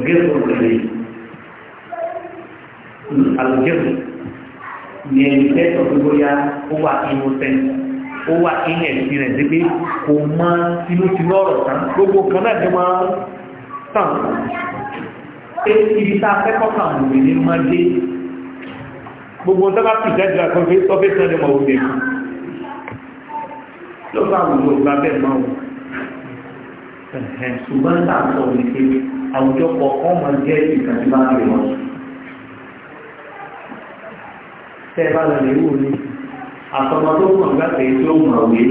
gẹ́gùn rẹ̀ àlùgẹ́gùn ni ẹni tẹ́tọ̀ tó bóyá ó wà inú sẹ́ńtì ó wà inú ẹ̀sìn rẹ̀ dégbé kò mọ inú ti lọ́rọ̀ tán gbogbo kan náà ti máa tàn pé ibi tá a fẹ́kọ̀ọ́ kan lòdì ní máa dé gbogbo tó bá ti jáde àkọ́fẹ́ sọ́fẹ́ sọ́dẹ̀ mọ̀ òde ló bá wù ló bẹ́ẹ̀ máa wù ṣùgbọ́n tá a sọ ní pé àwùjọ kọ̀ọ̀kan máa jẹ́ ìkàtí bá rẹ̀ wọ́n. tẹ́ ẹ bá lọ lè wò ní àtọmọ tó mọ̀ gbàgbé tó mọ̀ wé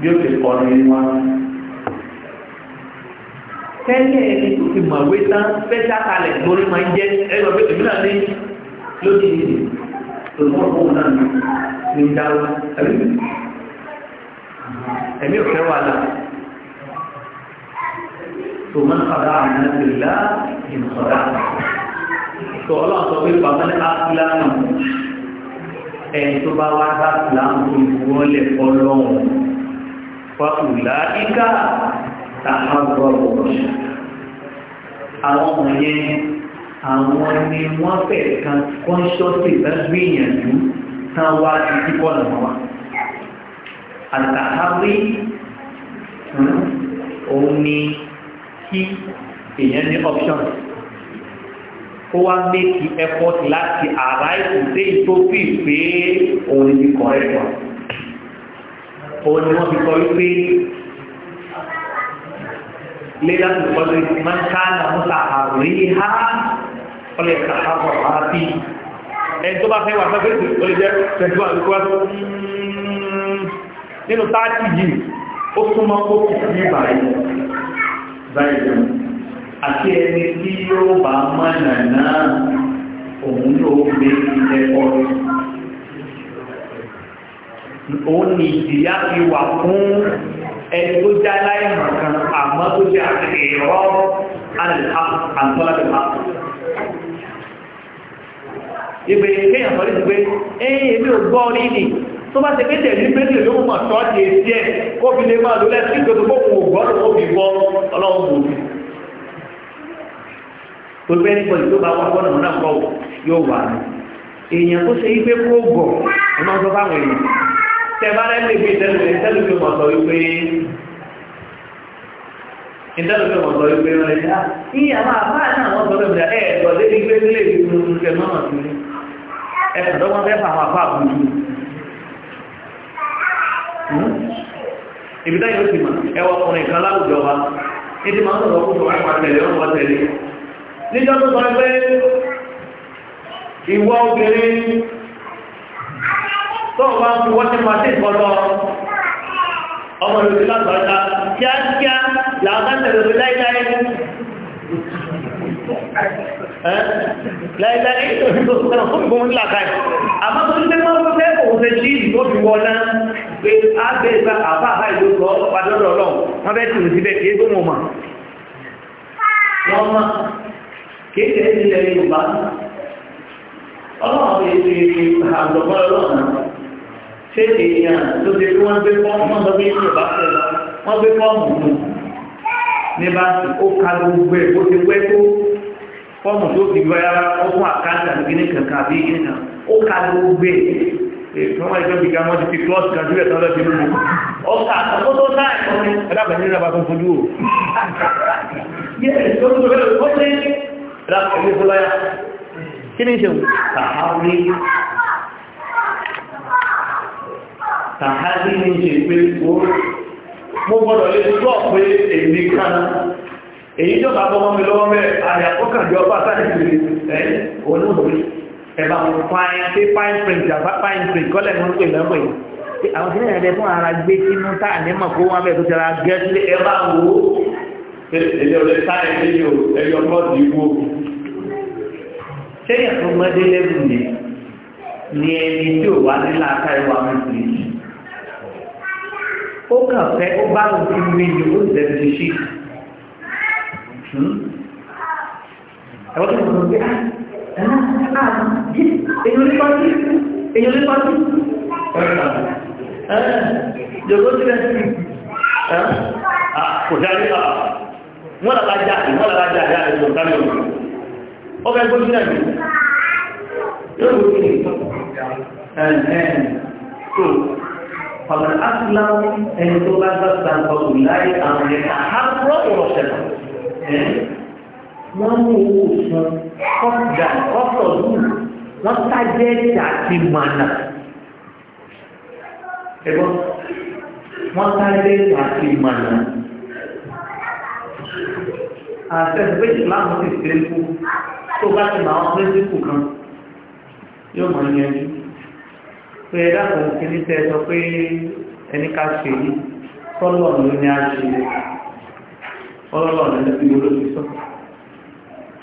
bí ó ti kọ́ ní wá. tẹ́lẹ̀ ẹni tó ti mọ̀ wé tán fẹ́ṣà kalẹ̀ lórí máa jẹ́ ẹgbẹ́ pé èmi náà ní lókè lòdì ọ̀pọ̀ náà ní dáwọ́ ẹ̀mí ò fẹ́ wà náà tó máa ń padà àmì ìlà ìmọ̀dá tó ọlọ́run sọ pé bàbá ní áfíláàmù ẹni tó bá wá bá fìlàmù tó ìwọ́lẹ̀ ọlọ́run fàkùlá ìkà tààbọ̀ àtàhárí hmm, òun ni kí èèyàn ní option ó wá méjì effort láti àrá ìkùdé tó fi pé òun ni correct one òun ni wọ́n fi kọ́ wípé lẹ́la tó kọ́lé máa ń ká àwọn sàhárí ha ọlẹ́ sàhárí ha bí ẹni tó bá fẹ́ wà fẹ́ fẹ́ tó lè tẹ̀síwájú kó wá tó nínú táàtì yìí ó súnmọ́ kó kù sí báyìí báyìí àti ẹni tí yóò bá mọ̀nà náà òun yóò gbé ilẹ̀ ọ̀rọ̀ òun ni ìdíyà fi wà fún ẹni tó já láì mọ̀kan àmọ́ tó jẹ́ àti ìrọ́ àtọ́lábẹ̀má ìgbèrè kéèyàn sọ́rí ti pé ẹ̀yìn èmi ò gbọ́ orí nìí tó bá ti pété ní pété ló mọ̀ tọ́ di etí ẹ̀ kó fi lè máa lò lẹ́sìn tó tó kókò gbọ́dọ̀ ó fi bọ́ ọlọ́run bò mí. gbogbo ẹni pọ̀jù tó bá wà gbọ́dọ̀ náà kọ́ yóò wà ní. èèyàn tó ṣe ipe kó gọ̀ ọmọ tó bá wọ̀ yìí. tẹ̀bárẹ́ lè fi ìtẹ́lẹ̀ ìtẹ́lẹ̀ fi mọ̀ sọ wípé ìtẹ́lẹ̀ fi mọ̀ sọ wípé rẹ̀ dá. ìyá máa bá náà wọ́n sọ lóbi ẹ̀ ẹ̀ẹ́dọ̀dé Hmm? ibi táyà ó ti mọ̀ ẹwà ọkùnrin kan láwùjọ wa ìdí máa ń sọ̀rọ̀ fún ìwà ìwà tẹ̀lé ọ̀rọ̀ wa tẹ̀lé níjọ́ tó sọ pé ìwọ obìnrin tó wà ń fi wọ́n ti máa tẹ̀kọ́ lọ ọmọ lòdì látọ̀ọ́ta kíákíá làwọn kan gbé ìgbà àbá àbá ìlú sọ ọlọ́pàá dọ́dọ̀ ọlọ́run wọ́n fẹ́ tìrù síbẹ̀ kí égbó mọ̀ mọ̀ wọ́n mọ̀ kéèké nílẹ̀ yorùbá ọlọ́run fi ṣe àgbọ̀gbọ́n ọlọ́run ṣé èèyàn tó ṣe kí wọ́n gbé fọ́ọ̀mù wọ́n sọ tó fi gbọ́ yára ó fún àkáǹtì àbí kíní ó ka gbogbo wọ́n máa jọ gbìgbà wọ́n ti fi klọ́ọ̀sì kan sílẹ̀ tọ́lọ́ ti lórí ọkà àtàkó tó sáà ẹ̀kọ́ ní ẹ̀dàbà ní ìrìnàbà fún fojú o yẹ́rẹ̀ tó ń sọ bẹ́ẹ̀ ó ṣe ẹ̀dàbà ní fúláyà kí ni ṣe tàhárí tàhárí ní ṣe pé ó mo gbọ́dọ̀ lè tó pé èmi kan èyí tó bá bọ́ mọ́ mi lọ́wọ́ mẹ́ àyàkókàjọ́ bá sáà ẹ̀bá wọn fine ṣé fine print àbá fine print kọ́lẹ̀ mọ́ pè lọ́pọ̀ yìí pé àwọn tí nìyẹn fún ara gbé sínú tá à ní mọ̀ kó wọn bẹ̀ tó tẹ̀ra gẹ́ sílé ẹ̀bá wo ẹ̀yọ rẹ̀ sáré níbi o ẹ̀yọ bọ́ọ̀dù ìwú o sẹ́yìn tó mọ́dé lẹ́bù ni ni ẹni tí ò wá nílà ká ìwà mẹ́sì ó kàn fẹ́ ó bá wọn ti mí ó zẹ̀ ti ṣí hmm? ẹ̀wọ́n tó mọ̀ ah, èyí ò ní pàtí èyí ò ní pàtí jọ̀rọ̀ tí lẹ́ sí kò dárí àà wọ́n lára jáde wọ́n lára jáde àà ìjọ dárí ọ̀rọ̀ ọgbẹ́ ẹgbẹ́ sílẹ̀ mi yóò wó sí ẹ̀ẹ̀ẹ̀ tó pàmà áṣìláwọ́ ẹni tó bá gbá wọ́n ní owó fún kọ́ńdà kọ́ńdọ̀dù wọ́n tájẹ́ ìjà ti mànà ẹ̀gbọ́n wọ́n tájẹ́ ìjà ti mànà àtẹ̀síwé ìsìláàmù ti ṣe é kú tó bá ti máa ń pín síkù kan yóò mọ̀ ní ẹni pé ẹ dákun kí ní tẹ́ sọ pé ẹni ká ṣe yìí tọ́lọ̀ ló ní a ṣe ọlọ́lọ́ ní ẹni tí olóògbé sọ́kọ̀.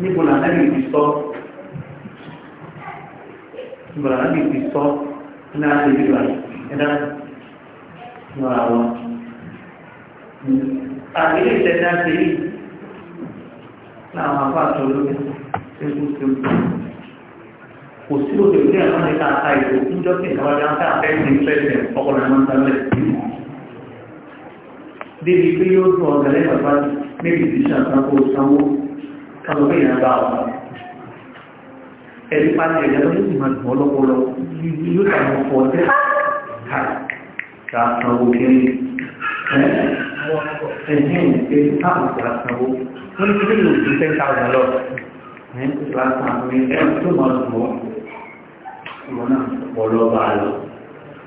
níbo làná lè fi sọ níbo làná lè fi sọ ní àti ìlú àyè ẹ̀dá nọ̀rọ̀ àwọn. àgbélé ìṣẹ̀dá ṣe yìí láwọn afọ àtọ lórí ṣéńkúṣéńkú kò sí òkè ní ẹ̀rọ ní ká ká ìlú níjọ́ sí ìdáwájú á ká fẹ́ ní pẹ́ẹ́sì ọkọ̀ọ̀rọ̀ ẹ̀rọ ń sálẹ̀ débi pé yóò tún ọ̀gá lẹ́gbàá bá níbi ìdíṣà kan sanwó kálukú yẹn bá wọn ẹ̀rí pàtẹ ẹ̀yà tó yóò máa gbọ́ lọ́pọ̀lọ́ yóò tà mọ́ fọ́ ọ́tẹ́ kàtàwó kiri ẹ̀yìn ẹ̀yìn táwọn kàtàwó wọ́n ní kí ló ti ten thousand lọ ẹ̀yìn tó bá tà mí ẹ̀ tó máa gbọ́ ìwọ náà pọ̀lọ́ bá a lọ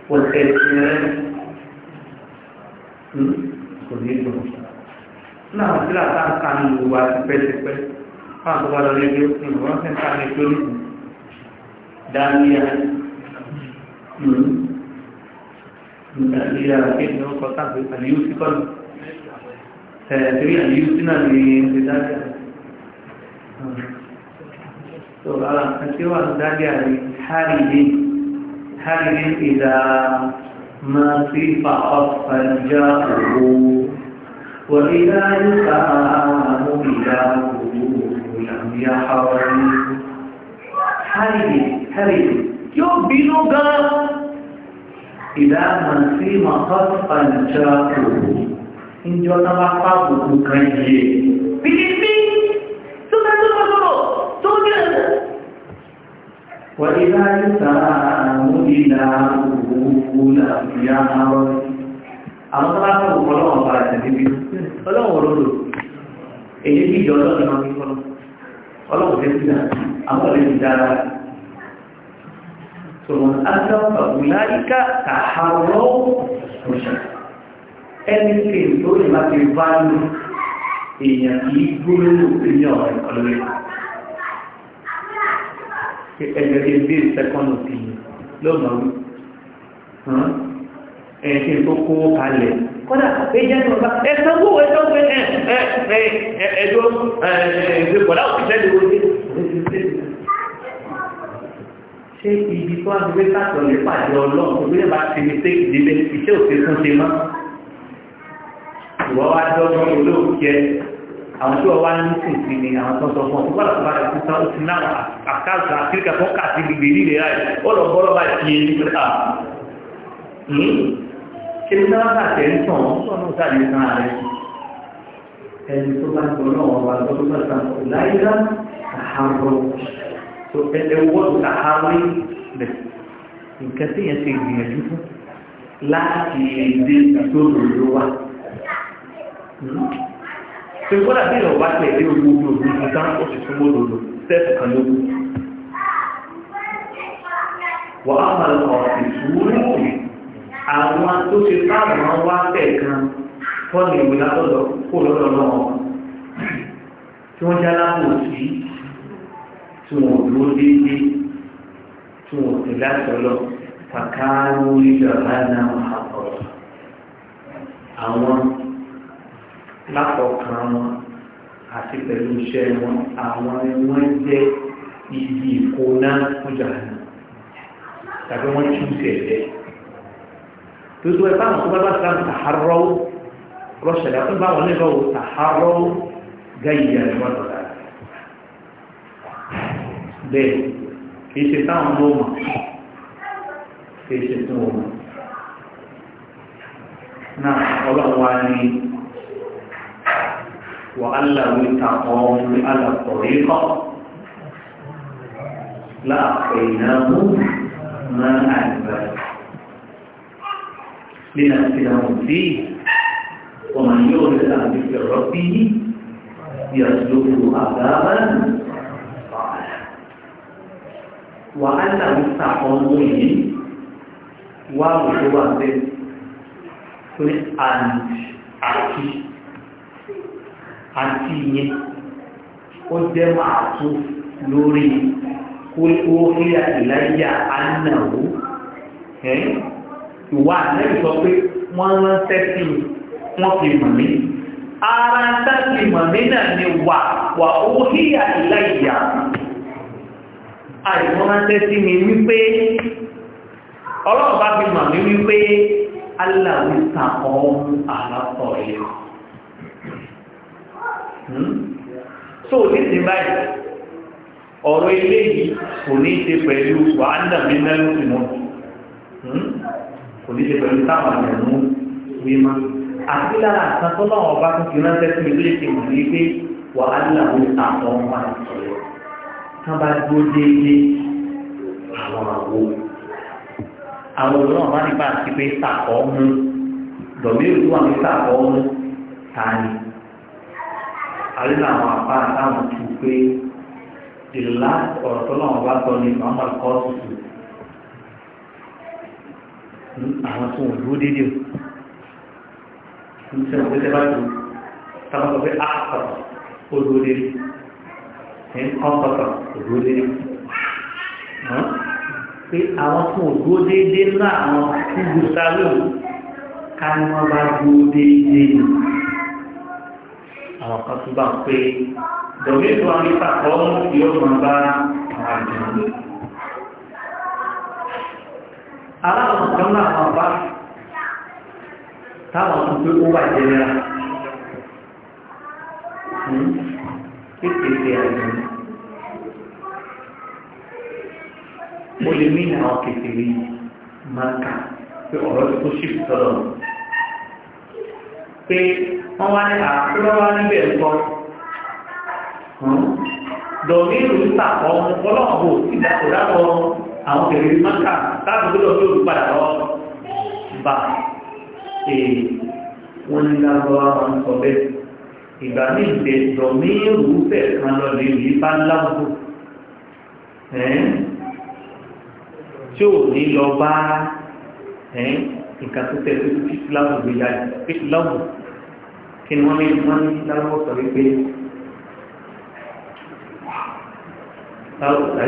wọ́n tẹ̀ sí rẹ̀ kò ní lò náà sílà tá a kà ní ìwà tipẹ́tipẹ́ fáwọn tó bá lọ lébi fún ìwọ́n fẹ́ ká ní tó nìkú dáníà dáníà kéde ó kọ́ sáfẹ́ àníyú sí kọ́nù tẹ̀lé àníyú sí náà ní ẹgbẹ́ dáníà tó ara àti wà ní dáníà ní hárìdé hárìdé ìdá máa sí fa ọ̀fà ìjà òwò وإذا يسعى إلى قلوب ya haram hàrìdì hàrìdì yóò bínú gan ìdáàmà sí mọ̀tọ́sípa ìjọra òkú ìjọ náà bá pàbùkù kan yìí bíbí tó bá tó bá lọ́rọ̀ tó ní ẹ̀rọ وإذا يسأل إلى أبوه يا حرم àwọn tó bá fún ọ̀pọ̀lọ́wọ̀ bá ẹ̀sẹ̀ níbi ọlọ́run lè fi náà àwọn lè fi dára tòun agbábà wùláyíká tàhárọ́ òṣà ẹni tí tó lè máa fi bá lù èèyàn kì í gbóló èèyàn ọ̀rẹ́ ọlọ́rẹ́ ẹgbẹ́ tí bí sẹ́kọ́ndù tì lọ́nà ẹ̀yìn tó kó kalẹ̀ kọ́dà èyí ẹ̀sùn ọba ẹ̀sùn owó ẹ̀sùn ọgbẹ́ ẹ̀ẹ́dọ́ ẹ̀ẹ́dẹ́gbọ̀dá òṣìṣẹ́ lè wọlé ṣé ibi tó wá gbé sàtọ̀ lè pàdé ọlọ́run tó gbé bá ti ní pé ìdílé iṣẹ́ òfin fún ṣe mọ́ ìwọ́ wá dọ́gbọ́n olóòjẹ́ àwọn tí wọ́n wá ní sèǹtì ni àwọn tó ń sọ fún ọ fúnpá lọ́sọ̀bá rẹ̀ fún sáwọ́ sí náà àkáàtà àfíríkà fún kàtí gbègbè líle rẹ̀ ọlọ́gbọ́lọ́ bá ti yé nípa ṣe náà bàtẹ̀ ń tàn ọ̀nà ìsàlẹ̀ náà rẹ̀ ẹni tó bá tọ̀ náà wà tó tó bá tàn láìlá àhàrọ̀ tó ẹ̀ẹ́ wọ́n àhàrí rẹ̀ nǹkan tí yẹn ti gbìyànjú fún láti èdè ìtòrò hmm? ló wà tó gbọ́dà bí ìrọ̀wá tẹ̀ ẹ̀dẹ́ gbogbo ògbógbò tán máa lọ ọ̀sẹ̀ sùúrù àwọn tó ṣe káàmù wá tẹ̀kan fọ́ọ̀nù ìwé látọ̀dọ̀ kó lọ́dọ̀ lọ́wọ́ tí wọ́n já láwọn òsì tí wọ́n dúró déédé tí wọ́n tẹ̀lé àtọ̀lọ́ kàkàrú ìjọba náà àkọ́rọ̀ àwọn lákọ̀ọ̀kan wọn àti pẹ̀lú iṣẹ́ wọn àwọn wọn jẹ́ ibi ìkóná fújà náà tàbí wọ́n tún tẹ̀lé. gbogbo ẹ̀ báwọn tó bá bá sáà tàhárọ́ rọ́ṣẹ̀lẹ̀ ọ̀tún báwọn lè lọ́wọ́ tàhárọ́ gáyìyà ìwọ́n tó dára bẹ́ẹ̀ kìí ṣe táwọn ló mọ̀ kìí ṣe fún wọn náà ọlọ́run wá ní wàhálà wíta ọ̀hún wàhálà kọ̀rí kọ́ láàpẹ̀ ìnáwó máa àìbẹ̀rẹ̀ لنفسهم فيه ومن يغلق عن ذكر ربه يسلكه عذابا وأنه استحقهم واو هو and àti àti ìyẹn ó jẹ́ máa tó lórí kó ìwà àtẹ́bì sọ pé wọ́n lọ sí wọ́n fi mọ̀ ara ń mọ̀ náà ni wà wà owó híyà ìlà ìyà àìwọ́n ránṣẹ́ mi wípé ọlọ́ọ̀bá fi mọ̀ mí wípé aláwí sàkọ́ àlọ́pọ̀ rẹ̀ hmm? so nísìnyí báyìí ọ̀rọ̀ ilé yìí kò ní ṣe pẹ̀lú wàhálà mi náà ti mọ̀ hmm? kò ní ṣe pẹ̀lú táwọn àjẹ̀mú wí mọ́. àti lára àtàn tó náà ọba tó fi ránṣẹ́ sí mi lè ṣe mọ̀ ní pé wàhálà ó àtọ̀ ọmọ àìsọ̀rọ̀ tán bá dúró déédéé àwọn àwo. àwọn òun náà má nípa àti pé sàkọ́ mú lọ́mí òdu àmì sàkọ́ mú tani. àlejò àwọn àpá àtàwọn tù pé the last ọ̀rọ̀ tó náà ọba sọ ni Muhammad kọ́ tuntun. Hmm, àwọn tó wọ́n dúró dédé ní sẹ́wọ̀n tẹ́lẹ̀ bá tó táwọn ọ̀gbẹ́ àpapọ̀ ó dúró dédé ẹ̀ ń kọ́ pàpà ó dúró dédé hmm? pé àwọn tó wọ́n dúró dédé ńlá àwọn tó gbò sáré ká ní wọ́n bá dúró dédé nù àwọn kan tó bá pé dọ̀mí tó wọn ní pàpọ̀ yóò máa bá àwọn àjọ aláwọn kan náà máa bá táwọn tó pé ó wà jẹrẹra hmm? kékeré àìsàn mo lè mí àwọn kékeré máa kà pé ọ̀rọ̀ tó tó ṣìkì tọ́lọ̀ pé wọ́n wá ní àkúrọ́ wá níbẹ̀ ńkọ́ hmm? dọ̀mí ìlú ń tàkọ́ ọlọ́run kò sí ìdákòdákọ́ àwọn kèrè mọ́ta láti gbọ́dọ̀ tó rú padà lọ bá èyí wọ́n ní lágbọ́wà wọn sọ bẹ́ẹ̀ ìgbà ní ìgbẹ́ ìdọ̀mí rúfẹ́ kan lọ lè rí bá láwùjọ tí ò ní lọ bá nǹkan tó tẹ̀ tó ti láwùjọ gbé ni wọ́n ní wọ́n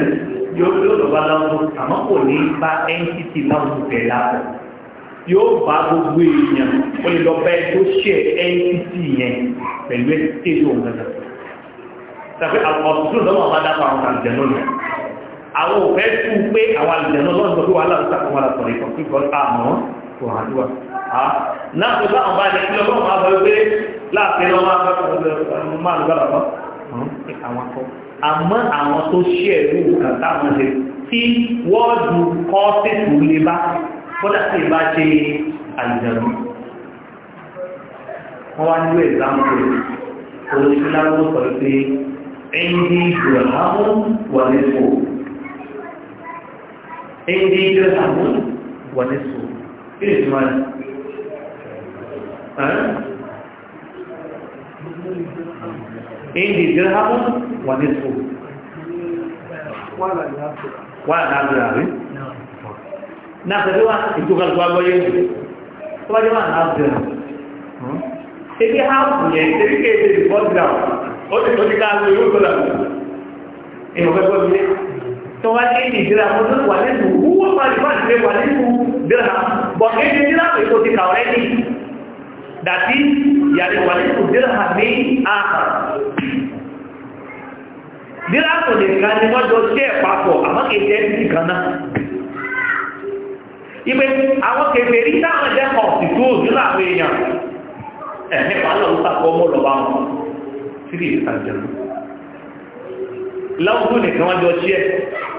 ní yóò yóò lọ bá láwùjọ àmọ́ kò ní bá nct láwùjọ bẹ̀ lápọ̀ yóò bá gbogbo èèyàn ó lè lọ bẹ́ẹ̀ tó ṣe nct yẹn pẹ̀lú ẹ̀sítẹ́ẹ̀tì òun gàdà tàbí ọ̀tún lọ́wọ́ àwọn adápa àwọn àlùjẹ̀nú lọ àwọn òfẹ́ tún pé àwọn àlùjẹ̀nú lọ́wọ́ sọ pé wàhálà ń sàkóso wàhálà sọ̀rọ̀ ìkọ̀ pípọ̀ àmọ́ kò hàn wá náà tó sáwọn bá yẹ kí lọ́wọ́ máa bọ̀ pé láàfin lọ́wọ́ àmọ́ àwọn tó ṣe ẹ̀rù kan táwọn ṣe tí wọ́ọ̀dù kọ́ọ̀tẹ̀tù lè bá bọ́dà sí bá ṣe àìjẹ̀rù wọ́n wá nílò ìzámọ́ olùsíláwó sọ pé ẹni ìgbìyànjú wà ní sọ èyí dìrìhàmù wà ní ṣò wà náàbìrà rí náà pẹ̀lú wà ìtòkàlùkù agbọ́yé tó bá jẹ́ wà náàbìrà ebi hàpù yẹn tẹ́rí kéèdè ìfọ́dìrà ó ti tó ti ká lórí ó tọ́lá ìmọ̀fẹ́fọ́ mi tó wá ní ìdìrìhàmù tó wà nínú wúwọ́ pàdé wà nínú dìrìhàmù bọ̀ kéèdè dìrìhàmù èkó ti kà ọ̀rẹ́ ní dàtí yàrá wà nínú dìrìhàmù ní àkàrà díráàtò lè ká ní wọ́n jọ sí ẹ̀pàpọ̀ àwọn kèfèé ti kan náà ipe àwọn kèfèé rí táwọn jẹ́ kọ̀ọ̀sìtò nínú àwọn èèyàn ẹ̀mí pàálọ̀ ń sàkọ́ ọmọ lọ́wọ́ wọn sílẹ̀ ìsàjẹ̀ láwùjọ nìkan wọ́n jọ sí ẹ̀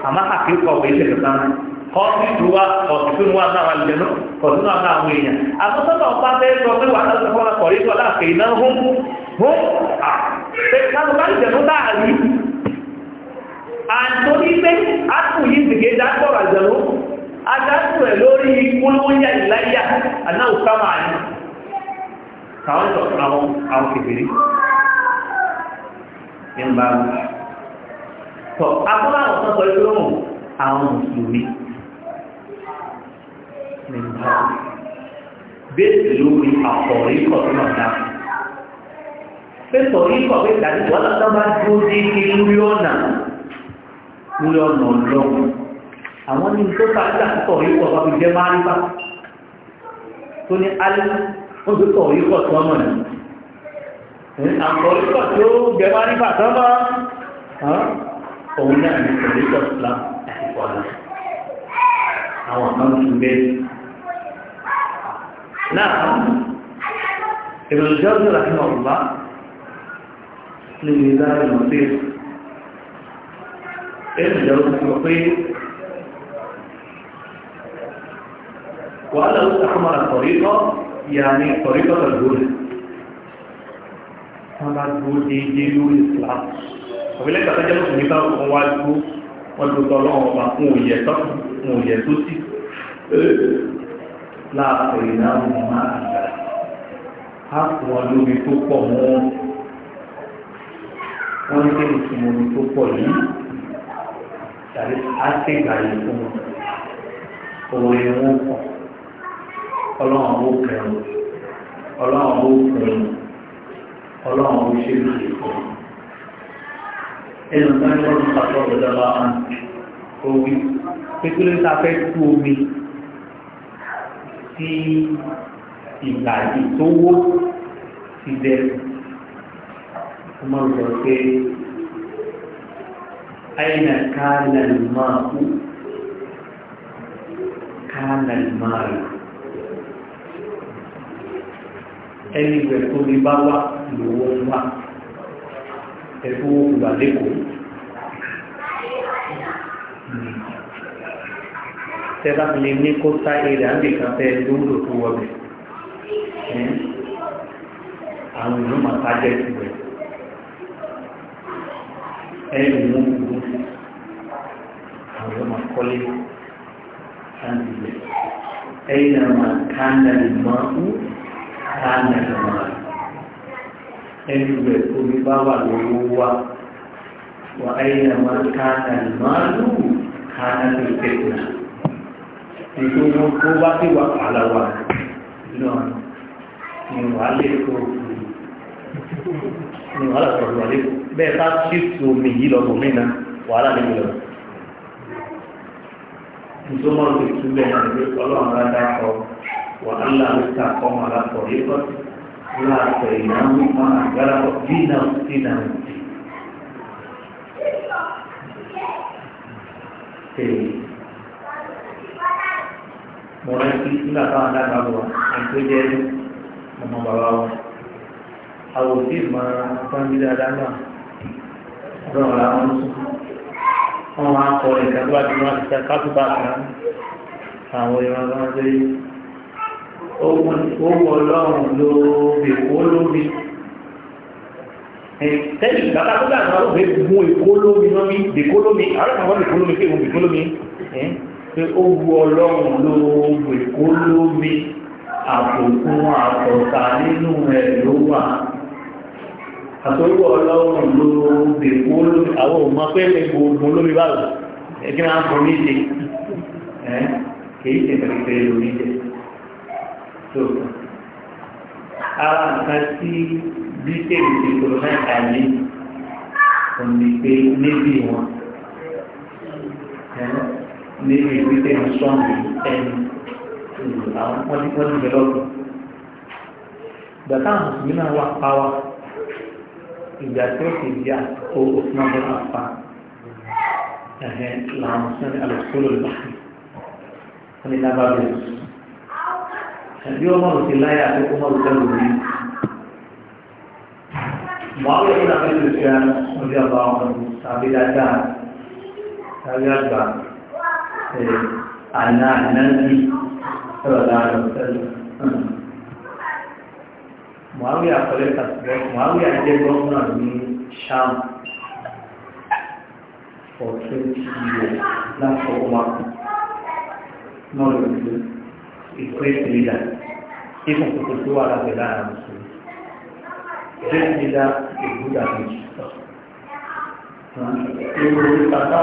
àmọ́ àkíkọ̀ ọ̀gbẹ̀ ìṣẹ̀lẹ̀ kan kọ́ọ̀sì tó wá ọ̀sìn wà náà wà lẹ́nu ọ̀sìn wà náà àwọn èèyàn àtọ́sọ́tọ̀ ọ̀pá fẹ́ sọ pé wà náà sọ́kọ́ sọ láàfẹ́ iná hún hún à ṣe kálukálù jẹ̀nu dáàrí àtòrí pé ápù yìí zìgé dákọ̀rọ̀ àjẹ̀rú adákù rẹ̀ lórí kúlóyà ìláyà anáwò sáma àyè káwọn sọ àwọn àwọn kékeré ní bá wù tọ abúlé àwọn kan sọ ìgbéró wọn àwọn mùsùlùmí ní bá wù bẹ́ẹ̀ lórí àkọ̀rí kọ̀ tó náà dáa pé sọ̀rí kọ̀ pé tàbí wọ́n lọ́sọ́ bá dúró dé kí lórí ọ̀nà lórí ọ̀nà ọlọ́run àwọn ní tó bá dà púpọ̀ yìí pọ̀ bàbí jẹ́ máa ń bá tó ní alẹ́ ó fi pọ̀ yìí pọ̀ tó ọmọ yìí àpọ̀ yìí pọ̀ tó jẹ́ máa ń bá tó ọmọ òun náà ní pọ̀ yìí pọ̀ tó láti ẹ̀rù ìjọ ló fi mọ̀ pé wàhálà ó sàkómọ̀rà tọ̀ríkọ́ ìyá ní tọ̀ríkọ́ tọ̀gbó rẹ̀ wọ́n bá dúró déédéé lórí Islam ọ̀bílẹ̀ kàtàjẹ́ ló sì ní bá wọn wá dúró wọ́n tó tọ́ lọ́wọ́ ọba fún òye tó fún òye tó sì láàpọ̀ ìdáhùn máa ń gbà á fún wọn lórí tó pọ̀ mọ́ wọn ní kí ni tìmọ̀ omi tó pọ̀ yìí tàbí àtẹ̀gbà yìí fún wọn òun ìwọ̀n kọ̀ ọlọ́run ó kẹrin ọlọ́run ó kẹrin ọlọ́run ó ṣe lè kọ́ ẹnu tó ń bọ́ ní pàtó ọ̀dọ́dọ́ bá wà òwì pépélé tá a fẹ́ tú omi sí ìgbà yìí ti dẹ́rù ọmọ ìgbà pé. أين كان الماء كان الماء anywhere tó lè bá wà lówó ń wà ẹ̀fọ́ òkúta lẹ́kọ̀ọ́ tẹ́lá fi lè ní kó tá èrè àgbèkà fẹ́ lóòrò tó wọlé àwọn ìlú kọ́lé ẹ̀yìn náà máa káàdà lè máa ń káàdà lè máa ẹni rẹ̀ omi bá wà lówó wá wà ẹ̀yìn náà máa káàdà lè máa lù káàdà lè tẹ̀kù náà ètò wọn tó bá ti wà pàlàwà náà ni wàá lè kó bẹ́ẹ̀ bá ṣètò omi yìí lọ́gbọ̀n mí wàhálà nínú lọ́wọ́ ìtumọ̀ ti túlẹ̀ ìwé ọlọ́run rárá kọ wàhálà wíta kọ́mọ alákọ̀ yíkọ́ láàpẹ̀ ìnáwó máa agbára kọ dínà dínà òdì. mo rántí nígbà táwọn dábàá wọ ẹgbẹ́ jẹ́ ọmọ bàbá wọn àwòsí ìmọ̀ràn fún mi dáadáa náà ọlọ́run làwọn sùn wọ́n máa ń kọ ìgbà tó bá ti wọ́n ti sẹ́ká tó bá kan àwọn ìran kan pé ó wọ lọ́rùn ló èkó lómi tẹ́lẹ̀ bàbá tó dáa ló fẹ́ mú èkó lómi náà mi èkó lómi àwọn kan wọ́n èkó lómi pé èkó lómi pé ó wọ ló èkó lómi àpòkun àpọ̀ta nínú ẹ̀ ló wà àtòwò ọlọ́run ló bèbó lómi àwọn òmọ pé lèbo ogun lómi báwò ẹgbẹ́ máa ń fọ ní ìdè kìí ṣe pẹ̀lẹ́pẹ̀lẹ́ lómi jẹ tó ara nǹkan tí britain ti kúrò náà kàlí kò ní pé níbi wọn níbi britain sọ́ọ̀nù ẹni àwọn pọ́ńdípọ́ńdí bẹ́lọ́ọ̀dù gbàtà mùsùlùmí wà pàwọ́. ìjà tó ti jà ó òfin ọgbọ́n àpá ẹ̀hẹ́ làwọn sẹ́ni alùpùpù lè wọ́n ní lábàbẹ̀ ẹ̀bí ọmọ òsì láyà tó kọ́ mọ́rù tẹ́lù rí mọ́rù ẹ̀kọ́ làwọn ètò ìṣẹ́ ọdí ọba ọmọ tàbí dáadáa tàbí àgbà àná àná ní ọ̀rọ̀ láàrín ọ̀tẹ́lù muawiya kọlẹ́ta ṣùgbọ́n muawiya jẹ́ gọ́ọ̀nà ní sham for twenty years láti ọmọ knowledge is great leader even kòkò tó wà lábẹ́ láàrin mùsùlùmí great leader is good at it ewu orí pàtó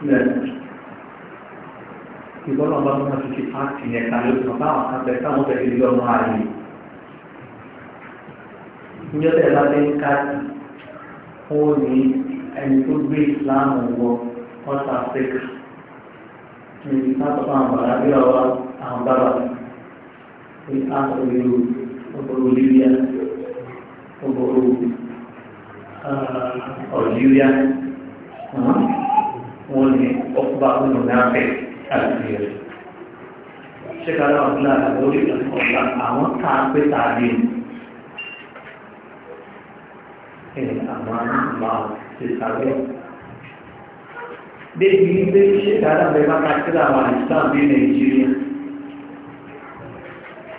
sílẹ̀ ìbọn náà bá tó máa ti fi pààtì yẹn kalẹ̀ ó bá àwọn kan bẹ̀rẹ̀ káwọn bẹ̀rẹ̀ lé ọmọ ààyè níjọ́ tẹ̀ bá dé káàtì ó ní ẹni tó gbé ìsìláàmù Libya ọgbọ̀rọ̀ Algeria. قول أصبع منافع الكبير الشيخ على رحمه الله الدوري رحمه الله أعوان تعب بالتعليم الأمان الله بالتعليم Devido a esse cara, vai matar que dá mais, está bem, Nigeria.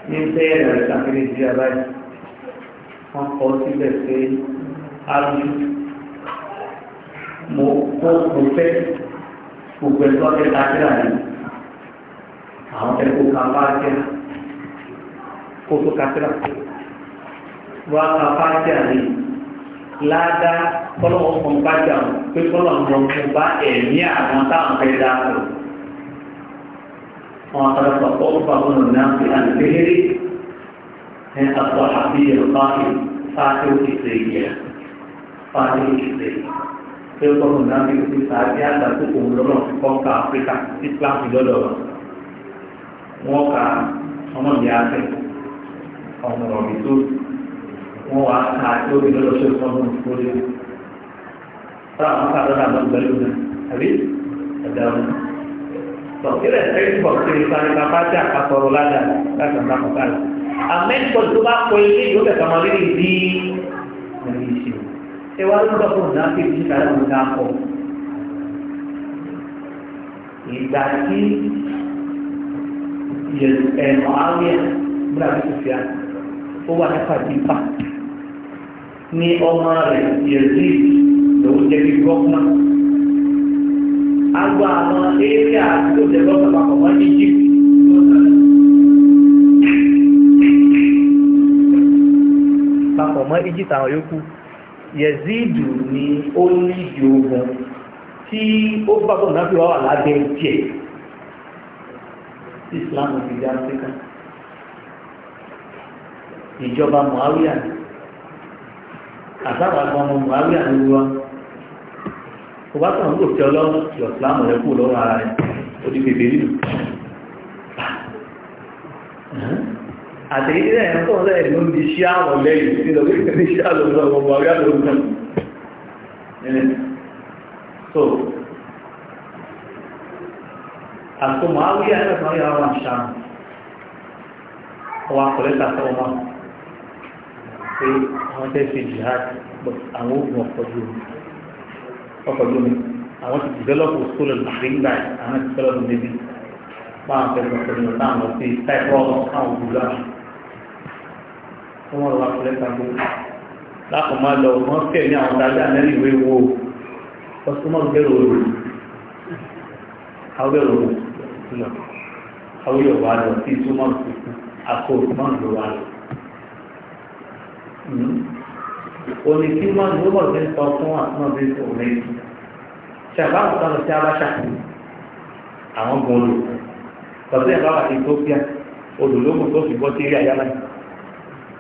Nigeria, está aquele dia, vai. Uma foto de defeito, algo mo ko mo fẹ́ gbogbo ẹ̀tọ́ ọ̀tẹ́ kájírà ni àwọn ẹ̀kọ́ kan bá jẹ́ kó tó kájírà wá kan bá jẹ́ àní ládá kọ́lọ́wọ́ kan bá jẹ́ àwọn pé kọ́lọ́wọ́ kan bá ẹ̀mí àwọn táwọn fẹ́ dá pọ̀ wọn kọ́lọ́ sọ pé ó fàbọ̀ nù náà fi hàn fèrè ní àtọ̀ àbí ẹ̀rọ bá fi fáàtì òkè sèyí ẹ̀ fáàtì òkè sèyí tí ó tọ́kùn náà fi ti sàájì àgbà tó kò ń lọ́nà fi kọ́ ká áfíríkà tí kíláàsì lọ́dọ̀ wọn ka ọmọ ìyá fẹ́ ọmọ ọ̀bì tó wọn wá ká tó fi lọ́dọ̀ tó kọ́ ọmọ ìfowópamọ́ sáà wọn ká lọ́dọ̀ àbọ̀ gbẹ́lú náà àbí ẹ̀dá wọn. sọ̀kílẹ̀ ẹ̀rí bọ̀ sí ìsáré bàbá tí àkàtọ̀rọ̀ ládàá láti ọ̀nà àkọ́kọ́ rẹ̀. àmẹ́ńtọ́ tó bá kọ ilé ìlú ẹ wá ló lọ́kọ̀ mùnáfíì tí kàrà mùnáfọ̀ ìgbà tí ẹ̀mọ̀ áwíà múra bí kò fi à ó wà nípa dípa ní ọmọ rẹ̀ yẹ̀dí lòún jẹ́ bí gọ́ọ̀mà agbo àwọn eré àdúgbò jẹ́ gọ́ọ̀mà papọ̀ mọ́ Egypt papọ̀ mọ́ Egypt àwọn yòókù yẹ̀zídù ni ó ní ìdí ogun tí ó bá bọ̀ náà fi wá lábẹ́ tiẹ̀ islam ti di áfíríkà ìjọba muawiya àtàwọn àgbà ọmọ muawiya ló wá kò bá tọ̀nà kò tẹ ọlọ́run tí islam rẹ kú lọ́wọ́ ara rẹ ó di bèbè nínú àtẹ̀yẹ́dẹ́ ẹ̀ ń tọ́ ọ̀rẹ́ ẹ̀ ló ń di ṣí àwọn lẹ́yìn ní ṣí so àtò màáwíyà ẹ̀ kan yà wà ṣáà ọwọ́ akọ̀lẹ́ta tó ọmọ pé àwọn tẹ́ ṣe jihad but àwọn oògùn ọ̀pọ̀jú ọ̀pọ̀jú mi àwọn ti develop school and marine guy àwọn ti develop navy máa ń fẹ́ ọ̀pọ̀jú náà táwọn lọ sí láti wọ́n wọ́n wà pẹ̀lẹ́ tàbí láàpọ̀ máa lọ wọ́n kẹ̀ ní àwọn dáadáa lẹ́yìn ìwé wo ọsùnmọ́ bẹ̀rù òru awẹ́rù lọ awẹ́rù wà lọ sí túmọ̀ sí àkó túmọ̀ ló wà lọ. Hmm? òní tí wọ́n ló bọ̀ sí sọ fún àtúmọ̀ bí kò ní ṣàbá kò sọ̀rọ̀ sí abáṣà àwọn gan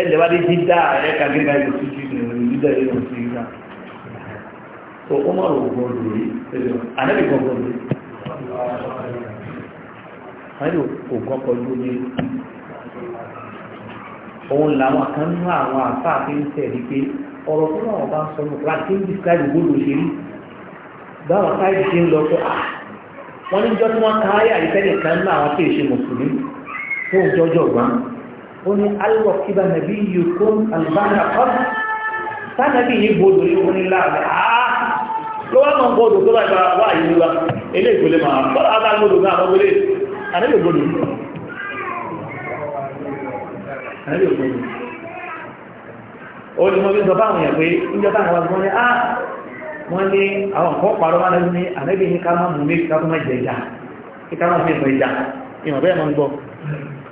ẹ̀jẹ̀ bá dé dídá ẹ̀ kàgírí báyìí lọ sí dídá yìí lọ sí dídá tó ó mọ̀ rògbò lò rí ànábì gbọ̀ngàn lò rí ànábì ògbọ́n kọjú ní òun làwọn kan nú àwọn àfáà fi ń tẹ̀lé pé ọ̀rọ̀ tó náà bá ń sọ nù láti ń describe gbọ́dọ̀ ṣe rí báwọn káyì ṣe ń lọ pé ah! wọ́n ní jọ́ tí wọ́n káyà ìfẹ́ nìkan náà àwọn tó ìṣe mùsùlùmí tó ń jọjọ́ oni alwọ̀kíba nàbí yukun albára kọ́nà sánàbí yìí gbogbo ní oní láàrẹ̀ àá ló wá mọ̀ gbogbo tó bá wà yìí wá ilé ìgbòlé máa bọ́lá bá gbogbo náà wọ́n gbélé àníbì gbogbo àníbì gbogbo ó ní mo bí sọ báwọn yẹn pé níjọ́ táwọn wọn ní á wọ́n ní àwọn nǹkan pàrọ̀ wọn ní àníbì ní ká má mú mi ká tó má jẹ ìjà kí ká má fi sọ ìjà ìmọ̀ bẹ́ẹ̀ mọ́ ń gbọ́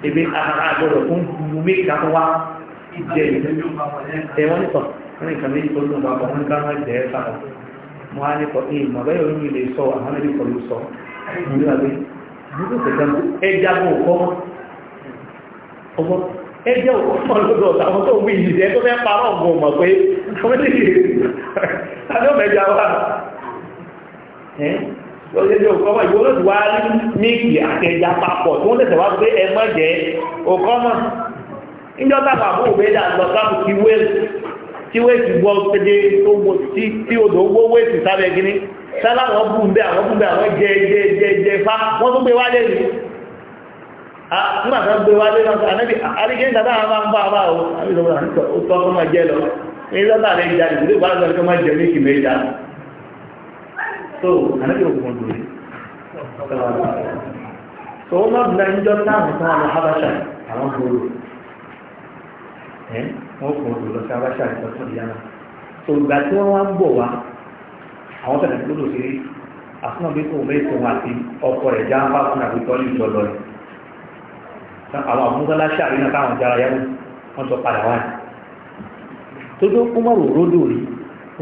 ebe ara àgbọ̀dọ̀ fún kúrú méjìlá tó wá jẹ ẹ̀wọ́n nìkọ̀ wọ́n nìkan méjì tó lóun bàbá wọn ká wọ́n jẹ́ ẹ̀fà wọn á nìkọ̀ ìmọ̀ bẹ́ẹ̀ orí mi lè sọ àwọn ẹbí kọ̀ ló sọ ẹjẹ́ òkúta lọ́dọ̀ àwọn tó wí ìdíjẹ́ tó fẹ́ parọ́ ọgbọ̀n mọ̀ pé lóṣèlú òkọ́mọ̀ ìwọ lóṣù wá rí míìkì àtẹ̀jà papọ̀ tí wọ́n tẹ̀sẹ̀ wá pé ẹ jẹ́ òkọ́mọ̀ níjọba bàbá òwe dà lọ tí wéèlì tí wéèlì gbọ́ pédé tí odò owó wéèlì sábẹ́ gíní sálá wọn bú bẹ́ àwọn bú bẹ́ àwọn jẹ jẹ jẹ jẹ fa wọ́n tún gbé wálé rí nígbà tó gbé wálé wa so ànábì ògùn lórí so ó máa bìnrin jọ táàmù tó wà ní habasha àwọn gbòòrò ẹ wọn kò lọ sí habasha ìtọ́ tó di yàrá so ìgbà tí wọ́n wá ń bọ̀ wá àwọn tẹ̀lé tó lò sí àfúnàbí tó wọlé tó wọn àti ọkọ rẹ̀ já ń bá fún àbí tọ́lú ìjọ lọ rẹ̀ àwọn àmúgbálá ṣàrí náà táwọn jára yàwó wọn sọ padà wáyé tó tó kó mọ̀rò ródò rí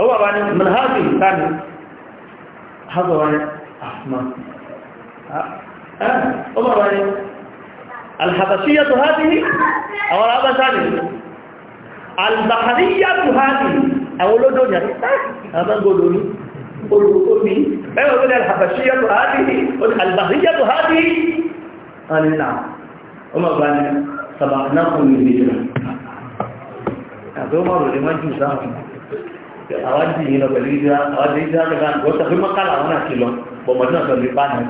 هو يعني من هذه الثانية هذا يعني أحمد عمر آه. آه. يعني الحبشية هذه أو هذا ثاني البحرية هذه أو لدنيا هذا قولوني قولوني أيوة قول الحبشية هذه البحرية هذه قال نعم عمر يعني قال سبقناكم من هجرة هذا عمر لما جزاهم àwọn àti yìí lọ pẹ̀lú ìdíra àwọn àti ìdíra lọ́gbà wọ́n tàbí mọ́kàlà àwọn àti lọ bọ̀mọ̀ náà sọ̀rọ̀ ipá náà ni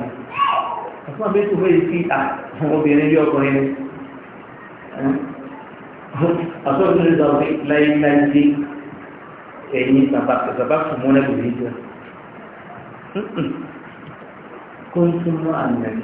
ọ̀sán bẹ́ẹ̀ tó fẹ́ẹ́ sí obìnrin bí ọkùnrin ni ọ̀sán tó lè sọ pé láíláí dé ẹ̀yìn bàbá fún mọ́lẹ́ kò ní jẹ́ kó ń tún mọ́ ànàbí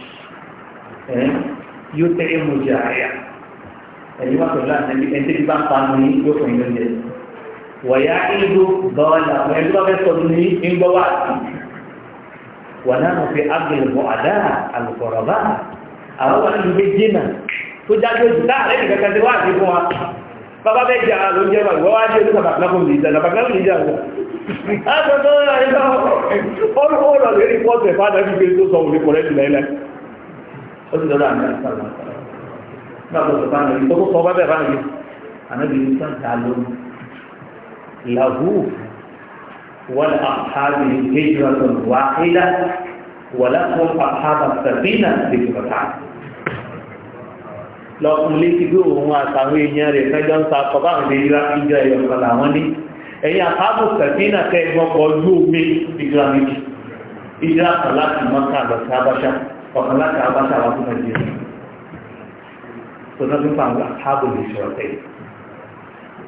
yóò tẹ́ ẹ̀mú jẹ àyà ẹ̀yìn wà pẹ̀lú àtẹ̀bí ẹ̀ńtẹ́ bí bá ń panu ní yóò fún ìlú jẹ wọ̀yá ìlú bọ́ọ̀là ẹ̀ńtẹ́ bá fẹ́ sọ ní ńgbọ́ wà sí wà náà mo fi ágbèlè mọ́ àdá àlùkọ̀rọ̀ bá àwọn wà nínú bí jìnnà tó jáde ojú láàrẹ́ nìkan kan ti wá àti fún wa bàbá bẹ́ẹ̀ jà ló jẹ́ wà wọ́n wá jẹ́ ojú bàbá kò lè jà bàbá kò lè jà lọ. tó ń rà nípa ọ̀rọ̀ lórí pọ́ọ̀tù ẹ̀fọ́ àdájú pé tó sọ òun ní kọ̀rẹ́ jù láìláì ó ti lọ́dọ̀ àmì ẹ̀sán lọ nígbà tó sọ fún àmì ìtọ́kọ́ sọ bá bẹ̀rẹ̀ àmì tó wà ilá wọ̀lá tó àpáàbà sàbínà ìgbéjìlá lọ́kùn létí bí òun àtàwọn èèyàn rẹ̀ fẹ́jọ́ ń sakọ̀ bá ń lèyíra ìjọ ẹ̀yọ̀kan làwọn ní ẹ̀yìn àpáàbò sẹ̀fínà tẹ́ pọ̀ lóògbé ìjọ ọ̀kan láti abáṣà wa fún nàìjíríà tó náà fífa àwọn àtàbò lè ṣe ọ̀tẹ̀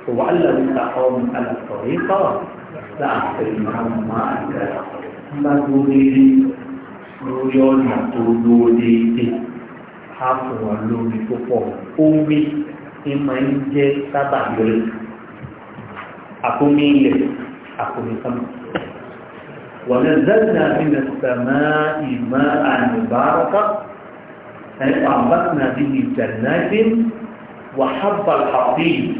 tó wà lẹ́nu ta ọmọ alàtọ̀rí kọ́ láàpẹ̀ ìmáàmù máa ń dára ńlá lórí lórí ọ̀nà tó lórí dé á fún wọn lórí tó pọ̀ omi ní máa ń jẹ́ sábà yọrí àkómi ilẹ̀ àkómi sánmà. ونزلنا من السماء ماء مباركا أي أنبتنا به جنات وحب الحصيد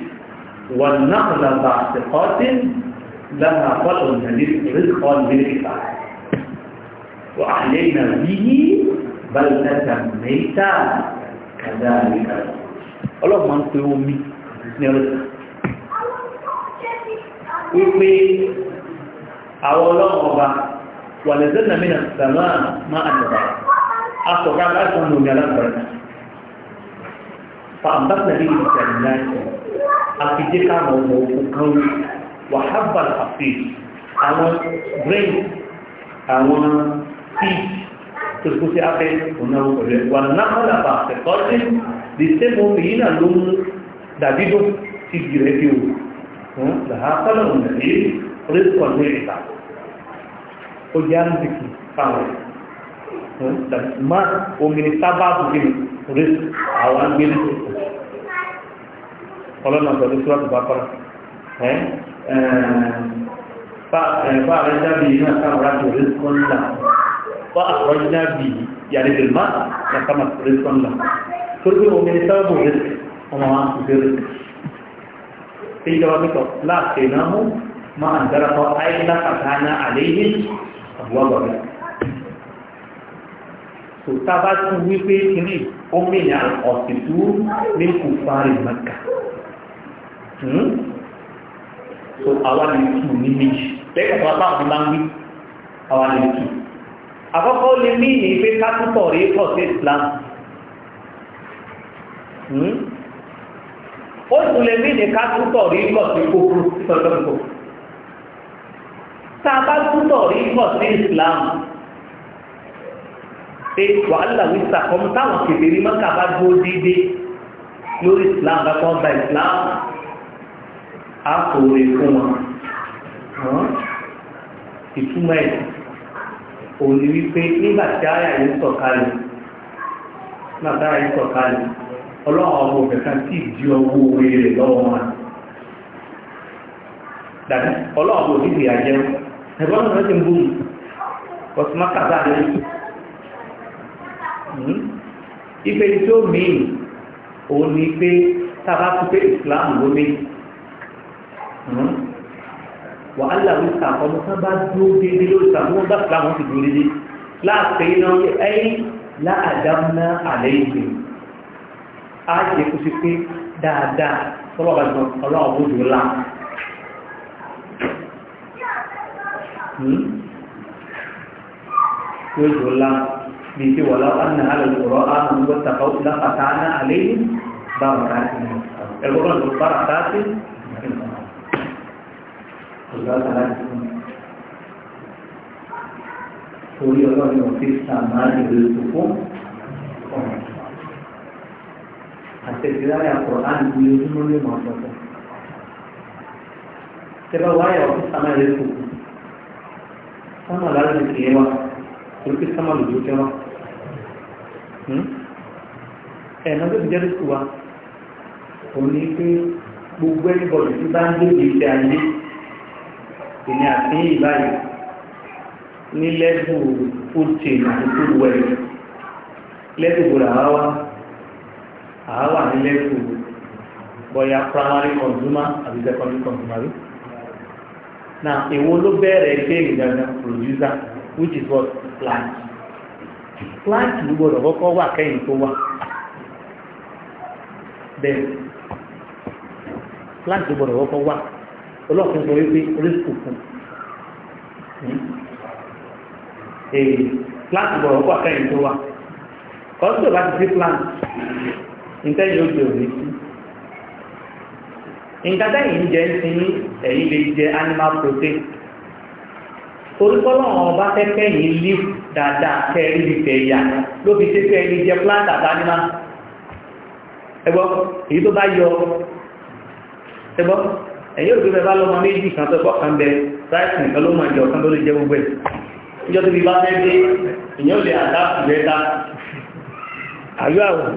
والنقل بعتقات لها فضل رزقا بالكفاية وأحيينا به بل ميتا كذلك الله máa ń pe omi àwọn ọlọ́run ọba wà lè zẹ́nà mí náà sàmà má àdàbà asọ̀ká láti wọn lòmí alágbàrá fàmbá nàbí ìsẹ̀lẹ̀ náà àfijé káwọn ọmọ òkú kan wà hábà àfi àwọn brain àwọn teeth tó kú sí abẹ́ òun àwọn wà náà lábà àfẹ́kọ́sí lè sẹ́kọ̀ọ́ fèyí náà ló mú dàbídó ti jìrẹ́ bí o hm? làá sọ́lọ̀ nàbí rísọ̀ ní ìta ó jẹ́ àrísìkì fáwọn ma omini sábàbù gini rísọ̀ àwọn agbérí ọlọ́nà pẹ̀lú síwájú bá kọ́ra bá rẹ̀ dábì iná sáwọn rájò rísọ̀ ńlá bá di, dábì yàrí bìlmá na sáwọn rísọ̀ ńlá tó rí omini sábàbù rísọ̀ ọmọ wa ń lah, rísọ̀ ما أنزله أيضا فتحنا عليهم أبواب الرحمة tòtábà tún wípé kìíní ọmọnìyà ọ̀sìtú ní kùfàrí mẹ́kà hmm? so àwọn ìlú ní méjì lẹ́kọ̀ọ́ bá wọn bá ń ni, àwọn ìlú àkọ́kọ́ lè ní ìpé kápútọ̀ rí pọ̀ sí Islam hmm? ó tún lè ní ìpé kápútọ̀ rí pọ̀ sí kókó sí ọjọ́ kókó tá a bá túbọ̀ rí pọ̀ sí Islam pé wàhálà wíṣà kọ́mú táwọn kèbèrè mọ́kà bá gbó déédéé lórí Islam bá kọ́ gba Islam á kòwé fún wọn ìtumọ̀ ẹ̀ òun ni wípé nígbà tí ara yìí sọ̀kalẹ̀ nígbà tí ara yìí sọ̀kalẹ̀ ọlọ́run ọmọ òfẹ́kan tí ìdí ọwọ́ orí rẹ̀ lọ́wọ́ wọn dàbí ọlọ́run òdìdí àjẹun ẹ̀gbọ́n náà ti ń bú mi kọ̀tùmá kàtà rẹ̀ ife tí ó mìí òun ni pé tábà tún pé Islam ló mí hmm? wàhálà wí kalau mo sábà dúró déédéé lórí sàkọ́ wọn bá Islam ti dúró déédéé láàpẹ́ iná ẹ̀yìn láàdámúná àlẹ́ ìgbè á jẹ́ kó sí pé dáadáa tọ́lọ́ ọ̀gá ọlọ́run ó dùn láà. yóò jò ńlá bí ṣe wà láwọn àná àlùkòrò àwọn ọmọ tàbá òkú lápàtà àná àlẹ́ yìí bá wọn rà sí ẹ̀rọ náà tó bára dá sí torí ọlọ́run ọ̀sẹ̀ sàmáàlì lórí òkú ọ̀rọ̀ àtẹ̀síláyà àpọ̀ àdìgbò ojúmọ́ ní ìmọ̀ ọ̀sọ̀tọ̀ tẹ́lẹ̀ wáyà ọ̀sẹ̀ sàmáàlì lórí òkú sama láti ṣe wá sama lòdì ó wá ẹ̀nà tó ti jẹ́ lóṣù wa òun ni pé gbogbo ẹnìbọ̀dì tí bá ń ni ìgbésẹ̀ ayé ìní àti ìbáyìí ní lẹ́bù fúdùtì àti fúdùwẹ̀lì lẹ́bù gbòòrò àwa àwa ní lẹ́bù bọ́yá primary consumer àti secondary consumer rí now èwo ló bẹ̀rẹ̀ géèmù dandan producer which is what plant plant ló gbọdọ̀ kọ́kọ́ wà kẹ́yìn tó wà Then plant ló gbọdọ̀ kọ́kọ́ wà ọlọ́ọ̀kan sọ wípé risk fún hmm? ee eh, plant gbọdọ̀ kọ́kọ́ wà kẹ́yìn tó wà kọ́ńtò bá ti sí plant nǹkan yóò di òní sí nǹkan táyì ń jẹ ń sin ẹ̀yìn lè jẹ animal protein orúkọ́lọ́ àwọn ọba fẹ́fẹ́ yìí liv dáadáa kẹrí ìfẹ́ ìyá ló fi ṣẹ́fẹ́ ẹni jẹ plant àti animal ẹgbọ́ èyí tó bá yọ ẹgbọ́ ẹ̀yìn òbí bẹ́ẹ̀ bá lọ́mọ méjì kan tó gbọ́kàn bẹ rice nìkan ló mọ̀ ìjọ kan tó lè jẹ gbogbo ẹ̀ ìjọ tó fi bá fẹ́ dé ìyẹn ò lè àdá ìgbẹ́ta àyọ́ àwọn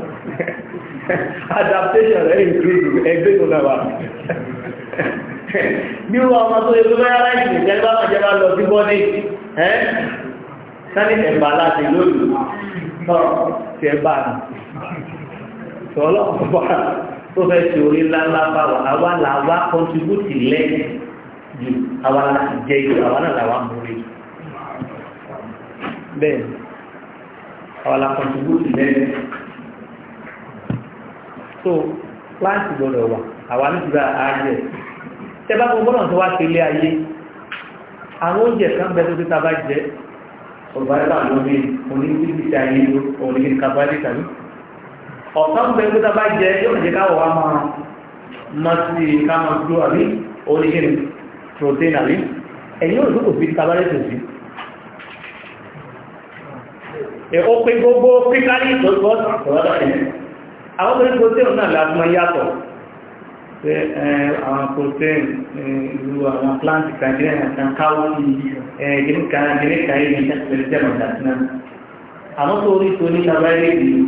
adaptation rẹ̀ increase ẹgbẹ́ tó náà wà bí wọ́n ọmọ tó yẹ lọ́yà láìsí ìjẹba àjẹba lọ sí bọ́dí ẹ́ sani ẹ̀bà láti lóòlù náà ti ẹ̀bà nù tọ́lọ́ ọ̀pọ̀ tó fẹ́ ti orí ńláńlá bá wà àwa làwa contribute lẹ́yìn ju àwa láti jẹ ìlú àwa náà làwa bẹ́ẹ̀ àwa la lẹ́yìn so plant gbọ́dọ̀ wà àwa ní ìgbà ayé tẹ́bá gbogbo náà tó wá ṣe ilé ayé àwọn oúnjẹ kan bẹ tó ti ta bá jẹ ọ̀bárẹ́bà lórí onígbìsí ayé onígbìsí kábàlì tàbí ọ̀kan bẹ tó ta bá jẹ yóò jẹ káwọ̀ protein àbí ẹ̀yìn òṣù kò fi kábàlì tó sí ó pé gbogbo píkálì tó gbọ́ ọ̀rọ̀ àwọn obìnrin protein náà láti máa yàtọ̀ pé àwọn protein ìlú àwọn plant kàndínlẹ̀ kan káwọ́ gíní kan gíní kan yìí ní ẹgbẹ̀rẹ̀ jẹ́mọ̀ dàtí náà àwọn tó rí tó ní sábàáyé yìí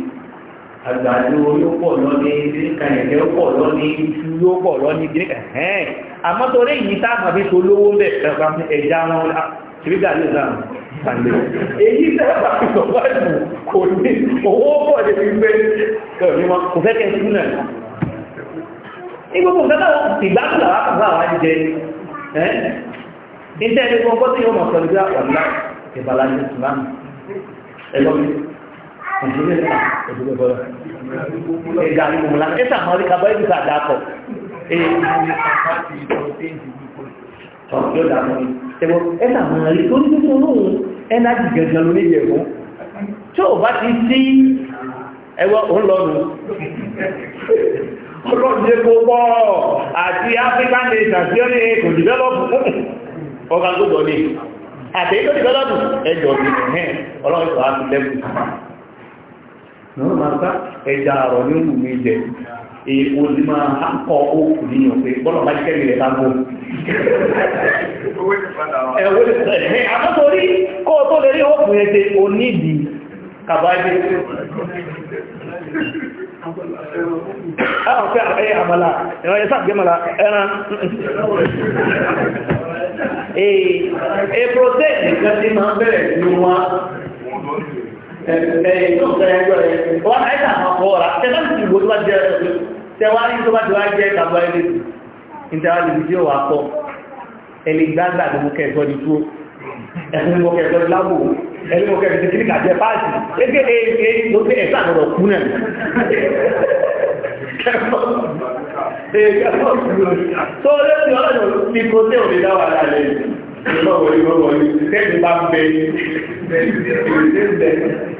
àgbàdo yóò pọ̀ lọ́ní gíní kan ẹ̀gẹ́ yóò pọ̀ lọ́ní iṣu yóò pọ̀ lọ́ní gíní kan ẹ̀hẹ́n àmọ́ torí yìí táàmù àbí tó lówó ń bẹ̀ sàlẹ̀ èyí dábàá ìjọba ìlú kò ní owó pọ̀ lè fi gbé ẹ̀mí wọn kò fẹ́ kẹ́ sí náà ní gbogbo nǹkan náà ìgbàkùnlà wà fún àwọn àjẹ ẹ́ níta ẹni gbogbo tí yóò mọ̀ sọ nígbà ọ̀la ìbàlá ní ìsìlámù ẹ̀gbọ́n mi òṣèlú ẹ̀ka òṣèlú ẹ̀bọ̀lá tẹ̀wọ́ ẹ̀nà àwọn àrí tó ní fún lóhun ẹ̀nà gẹ̀gẹ̀ ló ní ìyẹ̀wó tí ó bá ti sí ẹwọ́ ọlọ́run ọlọ́run jẹ́ kó pọ̀ àti African nation tí ó ní kò dìbẹ́lọ́pù ọgá gbọ́dọ̀ ní àtẹ́yí tó dìbẹ́lọ́pù ẹjọ́ ní ẹ̀hẹ́n ọlọ́run tó á èèwò ní máa á kọ òkú níyàn pé bọ́lá bá jẹ́ ìrẹ̀ tágbó. ẹ̀wọ́ lè sọ ẹ̀hẹ́ àtọ́torí kó tó lè rí òkú yẹn ṣe onídìí kàbáyé. àwọn fẹ́ àbẹ́yẹ àmàlà ẹ̀rọ ẹ̀sà àgbẹ̀màlà ẹran. èèpò tẹ́ ìgbà tí máa bẹ̀rẹ̀ ní wọn ẹ̀ẹ́ tó fẹ́ ẹgbẹ́ rẹ̀ wọ́n àìsàn àkọ́kọ́ rà tẹ́lá ti wọ́n tó bá jẹ́ ẹ̀sọ́ tẹwàá ní tó bá ti wá jẹ́ tàbí ẹlẹ́sì ìtẹwàá lè fídíò wà pọ̀ ẹni gbágbà ní mú kẹfọ́ ní tó ẹ̀kùn mú kẹfọ́ ní lábò ẹni mú kẹfọ́ ní kíníkà jẹ páàtì ẹgbẹ́ ẹgbẹ́ e, ló e, gbé e, ẹ̀sà àgbọ̀dọ̀ kú náà kẹfọ́ ẹgbẹ́ tó lẹ́sìn ọlọ́dọ̀ ní kó tẹ́ òní dáwà lálẹ́ ìgbọ́wọ̀lẹ́gbọ́wọ̀lẹ́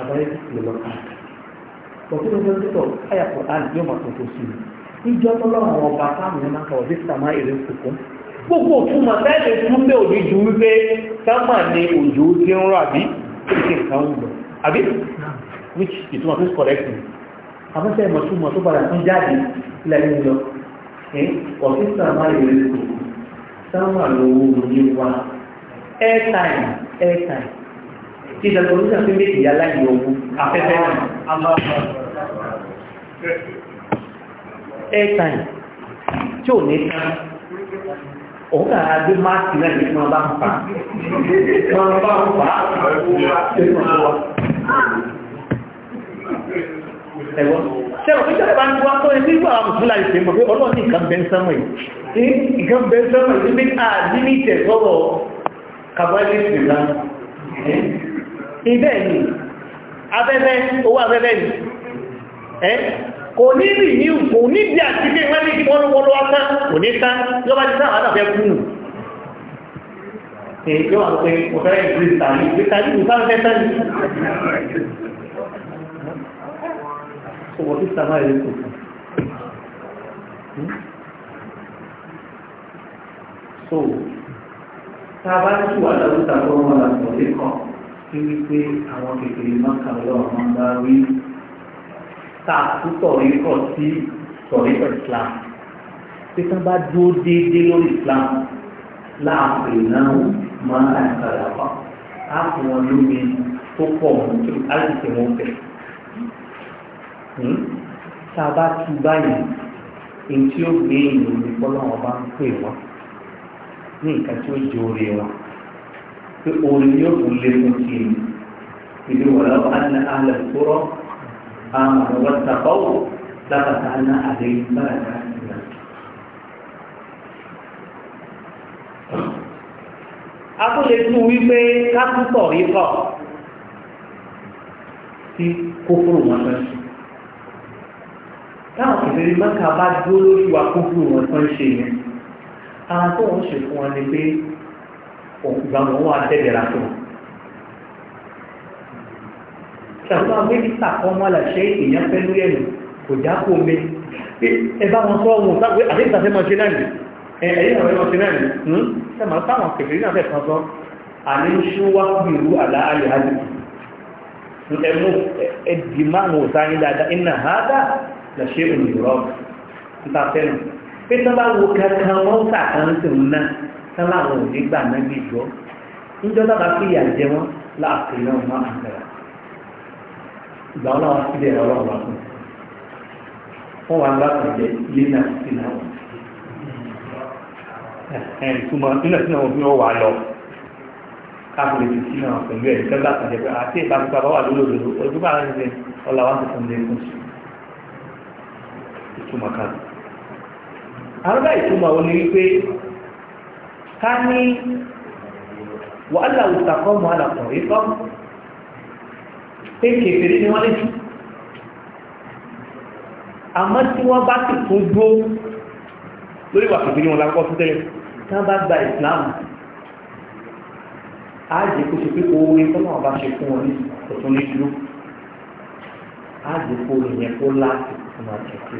àbáyé lè lọ ká bọ̀tí ló ń tọ́ àyà kò á yóò máa tó tó sí i ìjọ tó lọ́wọ́ àwọn ọba fáwọn yẹn máa kọ̀ ọ̀dẹ́ sàmá èrè kòkó gbogbo òtúmọ̀ bẹ́ẹ̀ lè fún bẹ́ẹ̀ òní ju wípé sámà ni òjò ti ń rọ̀ àbí ìṣe nǹkan ń lọ àbí which ìtumọ̀ tó correct me àmọ́ sẹ́yìn mọ̀ túmọ̀ tó padà tún jáde lẹ́yìn lọ ọ̀dẹ́ sàmá èrè kòkó sámà lówó òní wa airtime airtime tí ìdàgbàsókè náà fi méjì yá láyé owó afẹ́fẹ́ náà airtime tí ò ní tán òun kà á gbé máàkì náà ní wọn bá ń fà wọn bá ń fà ẹ̀wọ́n sẹ́wọ̀n pé jẹ́ bá ń wá tó ẹni wà mùsùlá ìṣẹ́ mọ̀ pé ọlọ́run ní nǹkan bẹ́ẹ̀ sánmọ̀ yìí nǹkan bẹ́ẹ̀ sánmọ̀ yìí bí i àdínítẹ̀ sọ́rọ̀ kàbáyé ìṣẹ̀lá ibẹ̀ ni afẹ́fẹ́ owó afẹ́fẹ́ ni ẹ́ kò ní rí ní kò ní bí àti ilé ìwé ní wọ́lọ́wọ́lọ́ wákán kò ní ká yọ́ bá ti sáà wà náà kú Èyíkẹ́ wà pé mo fẹ́rẹ́ ìgbésí tàbí ìgbésí tàbí ìgbésí tàbí ọmọ tí sàmà ilé kò fún hmm? so tàbá tí wà lọ́wọ́ tàbí ọmọ làtọ̀ lé kan sí wípé àwọn kékeré mọ́ta ọlọ́run máa ń bá rí tààtútọ̀ ikọ̀ sí sọ̀rọ̀ islam tí wọ́n bá dúró déédéé lórí islam láàpẹ̀ náà máa ń àìkàlà wá á fún wọn lómi tó pọ̀ mọ́tò á sì fi wọn bẹ̀. Hmm? tá a bá tu báyìí èyí tí ó gbé ìlú fọlọ́wọ́n bá ń pè wọ́n ní nǹkan tí ó jẹ́ orí wọn pé orin yóò tún lé fún kí ni ìdí wọ̀lá ọ̀hánà àlẹ́ ìkúrọ̀ àwọn àwọn tàbáwò lábàtà àná àlẹ́ ìgbàlá ìgbà. a tó lè tún wípé kápútọ̀ rí kọ̀ tí kókóró wọn fẹ́ sùn táwọn kìfèrè mọ́ta bá dúró lórí wa kókóró wọn fẹ́ ṣe yẹn àwọn tó ń ṣe fún wọn ni pé ìgbàmù wọn àtẹ́bẹ̀rẹ̀ àtọ́ ṣàkóso àwọn mínísítà kan wọn là ṣe èèyàn fẹ́ lórí ẹ̀nù kò já kó mi ẹ bá wọn sọ ohun sáwé àdéhùn fẹ́ máa ṣe náà nì ẹ̀yìn àwọn ẹ̀rọ ṣe náà nì hmm? sẹ́mà táwọn kẹfìrí náà fẹ́ kan sọ àní ṣú wá gbìrú àlàáyé àdì ẹ̀mú ẹ̀dì máa wò sáyé dáadáa iná hádà là ṣe òmìnirọ́ nípa fẹ́ràn pé sábà wo kankan wọ́n sà tán láwọn òbí gbà náà gbé jọ níjọ́ bàbá fi ìyà jẹ wọn láàfin náà má àgbẹ̀rẹ̀ ìgbà wọn làwọn síbẹ̀ ẹ̀rọ ọlọ́run wà fún wọn wà gbà pẹ̀lẹ́ ilé náà sí náà wọn. ẹ̀ ìtumọ̀ nínú ẹ̀sìn náà wọn fi wọn wà lọ káàkiri ti sí náà pẹ̀lú ẹ̀ ìjọba àtàjẹ pé àti ìbámu bàbá wà lórí òdòdó ojú bá rẹ̀ ṣe ọlọ́wà àrùbá ìtumọ̀ wọn ni wípé ká ní wàhálà òtàkọ́ mọ́ alàkùnrin kọ́ pé kèfèrè ni wọ́n lè jù àmọ́ tí wọ́n bá sì tó dúó lórí wà kèfèrè wọn lákọ́ tẹ́lẹ̀ tí wọ́n bá gba ìsìláàmù áàjẹ́ kó ṣe pé oore tọ́nà ọba ṣe fún wọn ní ọ̀tún ní dúró áàjẹ́ kó ìyẹn kó láti fún wọn ṣe pé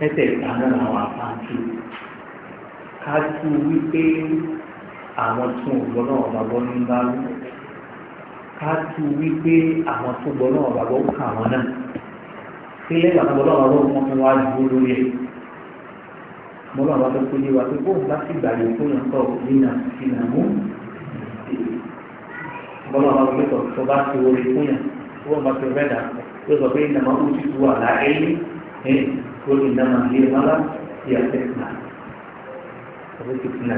mẹ́tẹ̀ẹ̀ta náà àwọn àpáǹtì ká tú wípé àwọn tún ògbọ́n náà gbàgbọ́ ní bá wù wípé àwọn tún gbọ́ náà gbàgbọ́ kà wọ́n náà kí lẹ́yìn àwọn gbọ́dọ̀ ọ̀rọ̀ wọn fi dúró lórí ẹ̀ mo yé wa pé bóun bá sì gbàgbé fún yàn nínà nínà mú tó bá ti wọlé fún yàn tó bá ti sọ pé ti tàbí fìtínà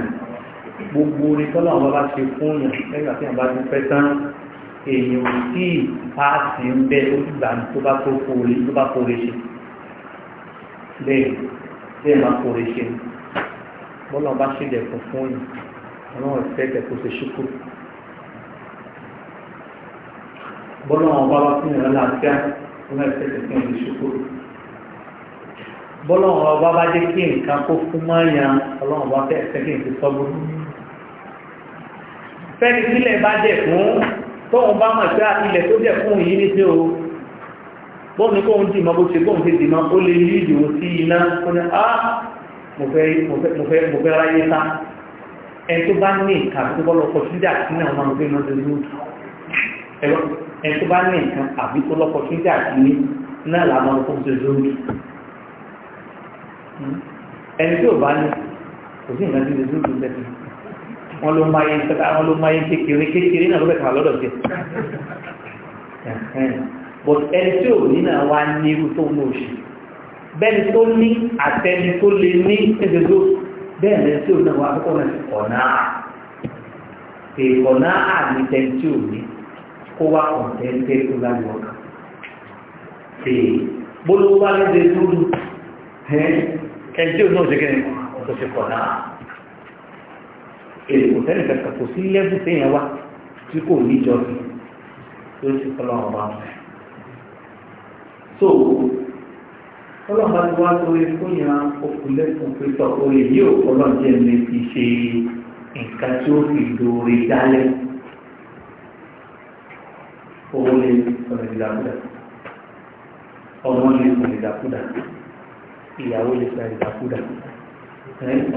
gbogbo orin tọ́lá wọn bá ṣe fún yàn lẹ́gbà tí wọn bá ti fẹ́ tán èèyàn tí paasi ń bẹ olùgbà tó bá tó kóore tó bá kóore ṣe bẹ́ẹ̀ bẹ́ẹ̀ máa kóore ṣe bọ́lá bá ṣe dẹ̀kun fún yàn àwọn ìfẹ́ dẹ̀kun ṣe ṣíkú bọ́lá wọn bá fún yàn lálàáfíà wọn ìfẹ́ dẹ̀kun ṣe ṣíkú bọ́lọ́run ọba bá jẹ́ kí nǹkan kó fún mọ́yàn ọlọ́run ọba fẹ́ ẹ̀fẹ́ kí n ti sọ́gbó fẹ́ni sílẹ̀ bá jẹ̀ fún tóun bá mọ̀ pé ilẹ̀ tó jẹ̀ fún yìí ní o bóun ni kóun dìmọ̀ bó ṣe bóun ṣe dìmọ̀ ó lè ní ìdìbò sí iná ó ní á mo fẹ́ ráyé sá ẹni tó bá ní nǹkan àbí tó bọ́ lọ kọ sídà sí náà máa ń gbé náà lórí ẹni ẹni tí ò bá ní kò sí ìrántí lè dúró lóṣẹ́ wọn ló máa yẹ ìtẹ́ta wọn ló máa yẹ kékeré kékeré náà ló fẹ́ kàwá lọ́dọ̀ sí but ẹni tí ò ní náà wá ní irú tó ń lòṣì bẹ́ẹ̀ni tó ní àtẹni tó lè ní ẹgbẹ̀gbọ́ bẹ́ẹ̀ni tí ò náà wá kọ́kọ́ náà ọ̀nà ìkọ̀nà àmì tẹni tí ò ní kó wá kọ̀ǹtẹ́ńtẹ́ tó láyé ọkàn bólúwá lẹ́dẹ̀ẹ́ lórí kẹjọ náà ṣe kẹrin tó ṣe pọ̀ náà èrò tẹ́lẹ̀ kẹta kò sí lẹ́bù téèyàn wá tí kò ní ìjọsìn tó ṣe kọlọ́ ọba so kọlọ́ ọba ti wá sórí fóyà okùnlẹ́kùn pẹ̀tọ̀ orí yóò kọlọ́ jẹ́ mi ti ṣe nǹkan tí ó fi dòrè dálẹ́ owó lè sọ̀rọ̀ ìdàkúdà ọmọ lè sọ̀rọ̀ ìdàkúdà ìyàwó lè sọ ìdàkúdà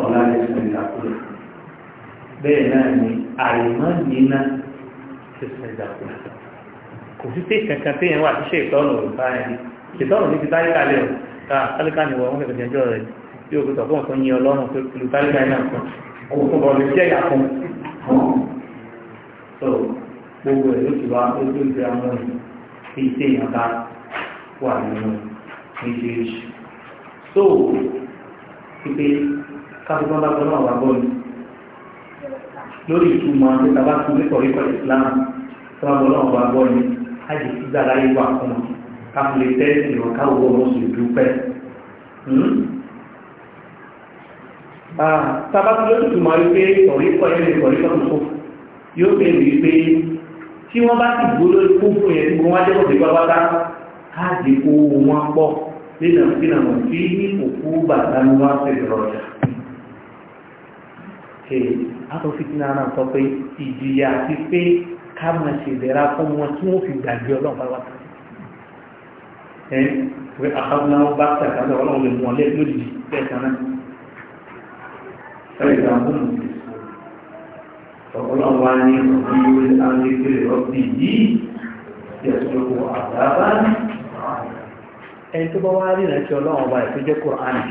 ọ̀la lè sọ ìdàkúdà bẹ́ẹ̀ náà ni àìmọ́ nínà lè sọ ìdàkúdà kò sí sí kankan tí yẹn wà tí ṣe ìtọ́nù ìbá ẹni ìtọ́nù ní ti táyé kalẹ̀ o ká tálíkà ni wọ́n fẹ́ fẹ́ jọ rẹ̀ tí o kò tọ̀ fún ọ̀kan yín ọlọ́run pé kìlú tálíkà iná kan kò fún bọ̀ lè jẹ́ ìyàfún so gbogbo ẹ̀ ló ti wá ó tó ti ra mọ́ ní wà nínú méjèèjì tó ìpè káfíńtàn bá tọ́lá wà bọ́ ni lórí ìtumọ̀ àti tàbá tún nítorí pẹ̀lú Islam tọ́lá bọ́lá wà bọ́ ni àyè tí dára yìí wà fún un káfíńtàn tẹ́sí ìwọ̀n káwọ́ ọmọ sì dúpẹ́ tàbátí ló tùtù máa wípé ọ̀ríkọ̀ ilé ìkọ̀ríkọ̀ tó yóò bèèrè wípé tí wọ́n bá ti gbó lórí kún fún yẹn tí wọ́n wájẹ́ ọ̀dẹ́ bábátá لنا فينا فيه عقوبة واسعة درجة àtọ̀ fìtínà náà sọ pé ìjìyà àti pé ká máa ṣe ìdẹ̀ra fún wọn tí wọ́n fi gbàgbé ọlọ́run bá wáta ẹ pé àkàbùnà bá tàkàlẹ̀ ọlọ́run lè mú ọlẹ́ lójijì tẹ̀sán náà ẹ̀rọ ìgbà fún mi ọlọ́run wá ní ọdún yóò lé àwọn ẹgbẹ́ rẹ̀ ọdún yìí yẹ̀sùn lóko àdábá ẹni tó bá wá rí ìrántí ọlọ́run ọba ètò jẹ́ kùránì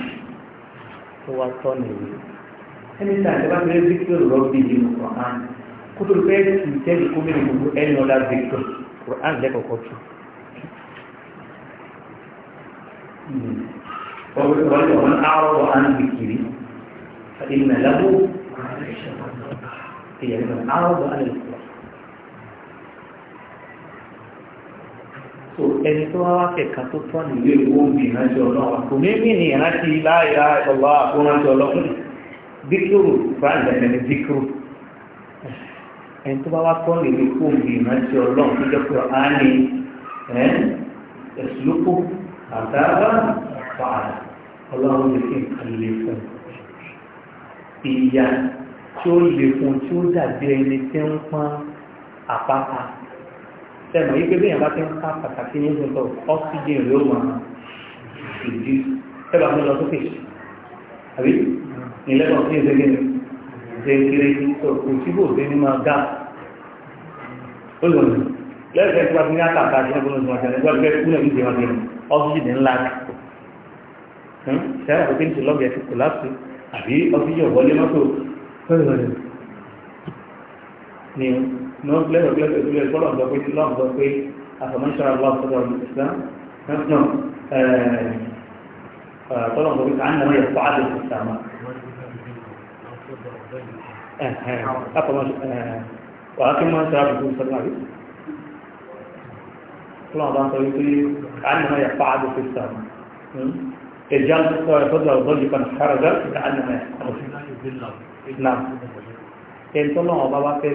tó wá tọ́ nìyí ẹni tí àti bá ń gbé zikiru rọ́bì nínú kùránì kó tó fẹ́ kì í tẹ́lẹ̀ kó mẹ́rin gbogbo ẹni ọ̀la zikiru kùránì lẹ́kọ̀ọ́kọ́ tù. ومن أعرض عن ذكري فإن له هي من أعرض عن القرآن tó ẹni tó wá kẹ̀kà tó tọ́ ní ilé owó bí ìrántí ọlọ́wà kò ní mí ní ìrántí láìra ọlọ́ àkórántí ọlọ́wà díkìrù france ẹni díkìrù ẹni tó bá wá tọ́ ní ilé owó bí ìrántí ọlọ́wà tó jẹ́ pé a ní ẹ̀sùlùkù àtàrà sẹ́mọ̀ yí pé bí ìyàbá ti ń ká pàtàkì ní oṣù tó ọ́síjìn rẹ̀ ó máa ìdí sẹ́bà mú lọ sókè àbí ìlẹ́gbọ̀n sí ìṣẹ́gbẹ́ ṣe kiri tó kò sí bò dé ní máa gá ó lò ní lẹ́ẹ̀kẹ́ tí wọ́n ti ní àtàkà sí ẹgbẹ́ oṣù àti ẹgbẹ́ ọgbẹ́ kúnlẹ̀ hmm? ní ìdíwọ̀n ní ọ́síjìn ńlá sẹ́wọ̀n lẹ́yìn ọ̀gbẹ́ ìpínlẹ̀ ìgbọ́lọ̀ ń sọ pé islam sọ pé àfọ̀mọ́ṣẹ́ àwọn ọ̀sọ̀rọ̀ islam náà tọ́lọ̀ ń sọ pé káà ń nàmọ́ yẹ fọ́ àdé islam. wàá kí wọ́n ṣe àbùkù sọ́dọ̀ àbí. tọ́lọ̀ ń sọ pé káà ń nàmọ́ yẹ fọ́ àdé islam. الجانب فضل ضجفا حرجا كأنما يحرج نعم كنت الله أبا بكر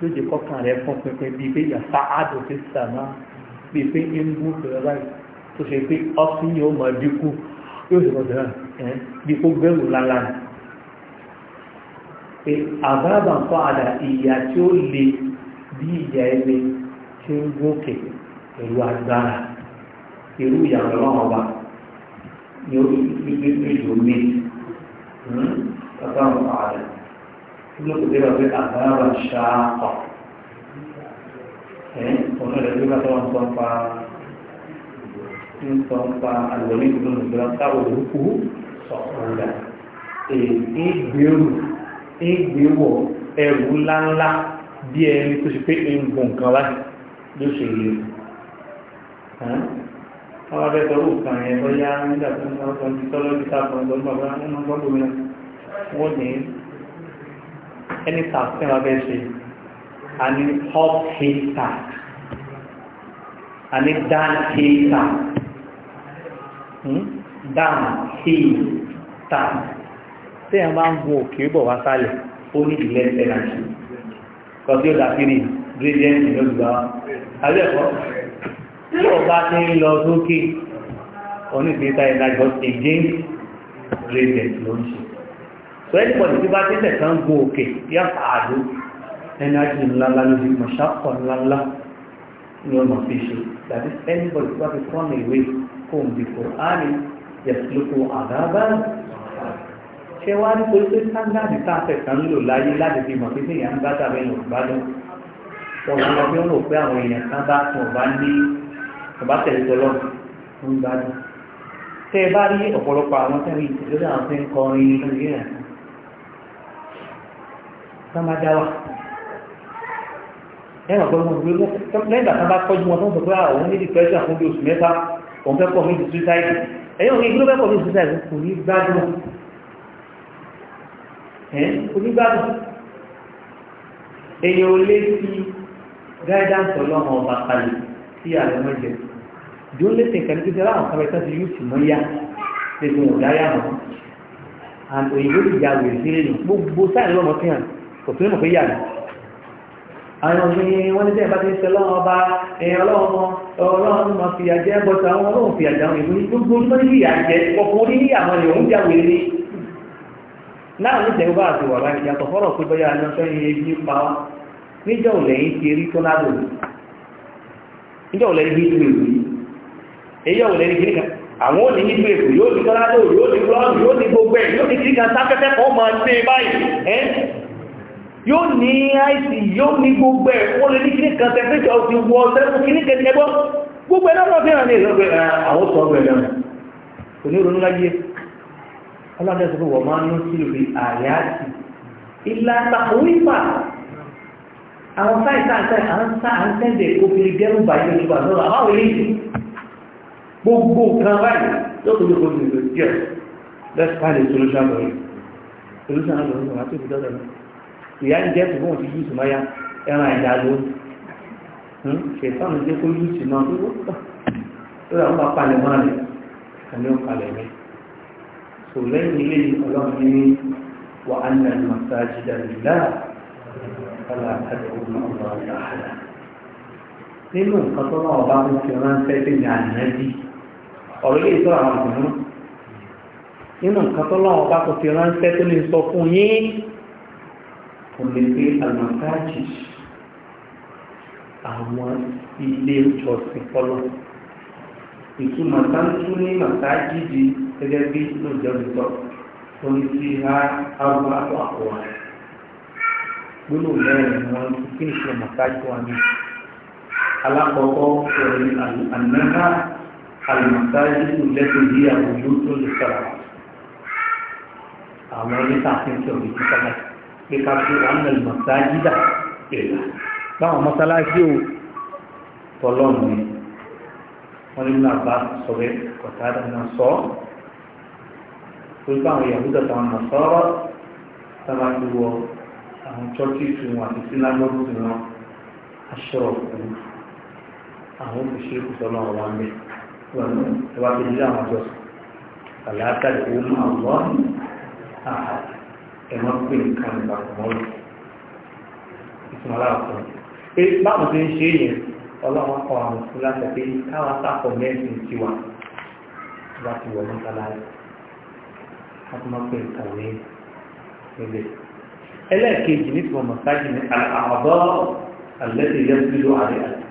yóò jẹ́ kọ́kàn rẹ̀ fún pínpín bíi pé yàtá àdùn fi sàmà bíi pé ń bú fẹ̀rẹ̀ báyìí tó ṣe pé ọ́sìn yóò máa dínkù yóò ṣe kọ́kàn náà ẹ̀ bíi kó gbẹ̀rù lálá ni. pé àbábà kọ́ àdà ìyà tí ó le bí ìyà ẹni tí ń gòkè pẹ̀lú agbára irú ìyàwó náà wà ní orí ìlú mi. Ọ̀gá àwọn àdà ló kò débà pé àgbàrá ṣáàpọ̀ ẹ̀yìn ọ̀nà rẹ̀ bí bàtà wọn sọ́n pa ń sọ́n pa àlùwẹ̀lẹ́ ìlú nìgbà táwọn olùkú sọ̀kúnlá ègbèrú ègbèwọ̀ ẹrù ńláńlá bí ẹni tó ṣe pé ń bò nǹkan láti ló ṣe lè wọ́n bá bẹ́ẹ̀ kan yẹn bọ́yá nígbà tó ń bá wọn sọ ní tọ́lọ́jú tá a kàn sọ ní bàbá wọn máa ń gbọ́ gómìnà wọ́n ní ẹni tàbí ẹwà bẹ́ẹ̀ ṣe a he hot hater a ní down hater down hater tí ẹ máa ń gun òkè bọ̀ wá sálẹ̀ ó ní ilẹ̀ ẹ̀lẹ́sì kọ́ tí ó dàbírí gradient ní olùgbà àbí ẹ̀kọ́ tí ọba ti ń lọ sókè onígbèéta ìdájọ́ against gradient ló ń ṣe pẹ̀lú pọ̀lú tí bá tẹ́lẹ̀ kan gún òkè yá fàádó ẹnájì ńláńlá lórí mọ̀ṣápọ̀ ńláńlá ní ọmọ fi ṣe tàbí ẹni pọ̀lú tí bá fi kọ́ ní ìwé kó ń bí kòránì yẹ̀sùlùkù àdábá ṣe wá ní pé pé sáńdáàdì tá a fẹ́ kan lò láyé láti fi mọ̀ pípé ìyá ń bá tàbí ẹ̀yìn ògbádùn wọn lọ bí wọn rò pé àwọn èèyàn kan bá tún ọba ní ọba tẹ̀lé sọmọdáwà ẹwà gbọ́dọ̀ wọn gbé lẹ́yìn ìgbà tán bá kọjú wọn tó ń sọ pé àwọn ah, ní depression fún bí oṣù mẹ́fà òun fẹ́ pọ̀ mí di suicide ẹ̀yìn òun ìgbìlọ́ fẹ́ pọ̀ mí di suicide kò ní gbádùn ẹ̀ kò ní gbádùn èyàn ò lé sí guidance ọlọ́mọ ọba kalẹ̀ sí ààrẹ mọ́jẹ bí ó lé sí nǹkan nígbèsè láwọn kan bẹ́ẹ̀ tó yóò sì mọ́ yá lẹ́gbẹ̀ẹ́ ọ̀dá yá mọ́ àtòyìnbó ti jà wèé sí lẹ́yìn gbogbo sáà ní kò tún mọ̀ pé yà ní àwọn ọ̀gbìn wọ́n ní tẹ́ ìbá ti ń sẹ lọ́wọ́ ọba ọlọ́run ma fi àjẹ́ bọ́ta àwọn ọlọ́run fi àjẹ́ àwọn ìlú gbogbo tó ní ìyà jẹ́ ọkùn orí ní àwọn èèyàn ń jáwé ní láàrín ìṣẹ̀lú bá àti wà báyìí yàtọ̀ fọ́rọ̀ pé bọ́yá ẹni ọ̀ṣọ́ yẹn ebi pa ọ́ níjọ́ òlẹ́yìn ti rí tó ládò níjọ́ òlẹ́yìn ti rí èyí òlẹ́yìn ti rí kan àwọn òní nígbè èkó yóò ní tọ́ládò yóò ní yóò ní àìsí yóò ní gbogbo ẹ̀ ó lè ní kí nìkan tẹ́fẹ́jọ ti wọ tẹ́fún kí nìkan ti ẹgbọ́ gbogbo ẹ̀ lọ́nà fíhàn ní ìlọ́gbẹ̀ ah, àwọn sọ ọgbẹ̀ lẹ́nu kò ní ronú láyé ọlọ́dẹ sọ pé wọ́n máa ń ní sí ìlú àyáàtì ìlà àtàkùnrífà àwọn sáì sáì sáì à ń sá à ń tẹ́ǹdẹ̀ obìnrin dẹ́rù bàjẹ́ ìjọba náà àwọn eléyìí báyìí lọ́kùnrin ìyá ń jẹ́ tòun ti yúùsù mọ́yá ẹran ẹ̀dá ló hmm? ṣètọ́nù jẹ́ kó yúùsù náà tó wọ́pọ̀ bá palẹ̀ mọ́ rẹ̀ palẹ̀ mẹ́ lẹ́yìn ilé ọlọ́run ní wà á nà nínú nǹkan tó náà fi ránṣẹ́ ní nínú nǹkan tó bá fi ránṣẹ́ tó sọ fún yín omi pé àlùmọ́sáàjì àwọn ilé ìjọsìn fọlọ́ ìtumọ̀ sáńtú ní màsáàjì di gẹ́gẹ́ bí lóòjọ́bìtọ́ tó ní sí ha àwọn àpò àkọ́wà gbólóhùn mẹ́rin ni wọ́n ti kí nìkan màsáàjì wa ní alákọ̀ọ́kọ́ ọ̀rẹ́ ànáhà àlùmọ́sáàjì lẹ́tọ̀ọ́ bí àwùjọ tó lè sọ̀rọ̀ àwọn oníkàfíńtì ọ̀rẹ́ kíkàlá pé ká fi ọ̀nà ìmọ̀sájídà ìlà báwọn mọ́sálásí ò tọ́lọ́mù ni wọ́n nínú àbá sọ̀rẹ́ kọ̀tàdà náà sọ pé báwọn yahuda táwọn mọ̀ sọ́rọ́ sábà ti wọ àwọn chọ́ọ̀kì tí wọn àti sínágọ́gù tí wọn aṣọ òkú àwọn òṣèlú sọ́nà ọ̀wá mi ẹ wá fi dídá àwọn àjọsìn àlàáfíà ìwé àwọn àhàtà ẹ̀mọ́ pè ní kan ìgbà mọ́rọ̀ ìtumọ̀lá ọ̀kan pé báwọn tó ń ṣe yẹn ọlọ́wọ́n kọ àwọn òṣèlú láti pé káwọn sáfọ̀ mẹ́sìn ti wà láti wọ̀ ní sáláyé láti mọ́ pè ní kan ní ilé ẹlẹ́ẹ̀kejì ní tiwọn mọ̀sáàjì ní àbọ̀ àlẹ́sẹ̀ yẹn ti lọ àrẹ àti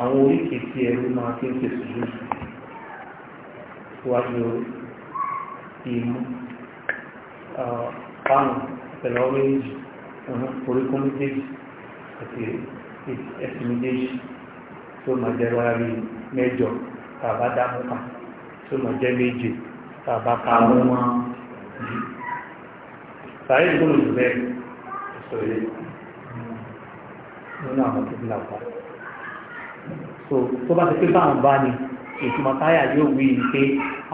àwọn oríkèé tí ẹrú máa fi ń ṣe sùúrù síwájú ìmú kánù pẹ̀lú ọ̀rẹ́jì orúkún méjèèjì àti ẹ̀sìn méjèèjì tó máa jẹ́ rárí mẹ́jọ tàbá dámọ́ta tó máa jẹ́ méje tàbá kánù wọn yìí sàárè gbọ́nà jù bẹ́ẹ̀ sọ èyí nínú àwọn tó so tó kita ti pé báwọn bá ní ìtumọ̀ táyà yóò wí pé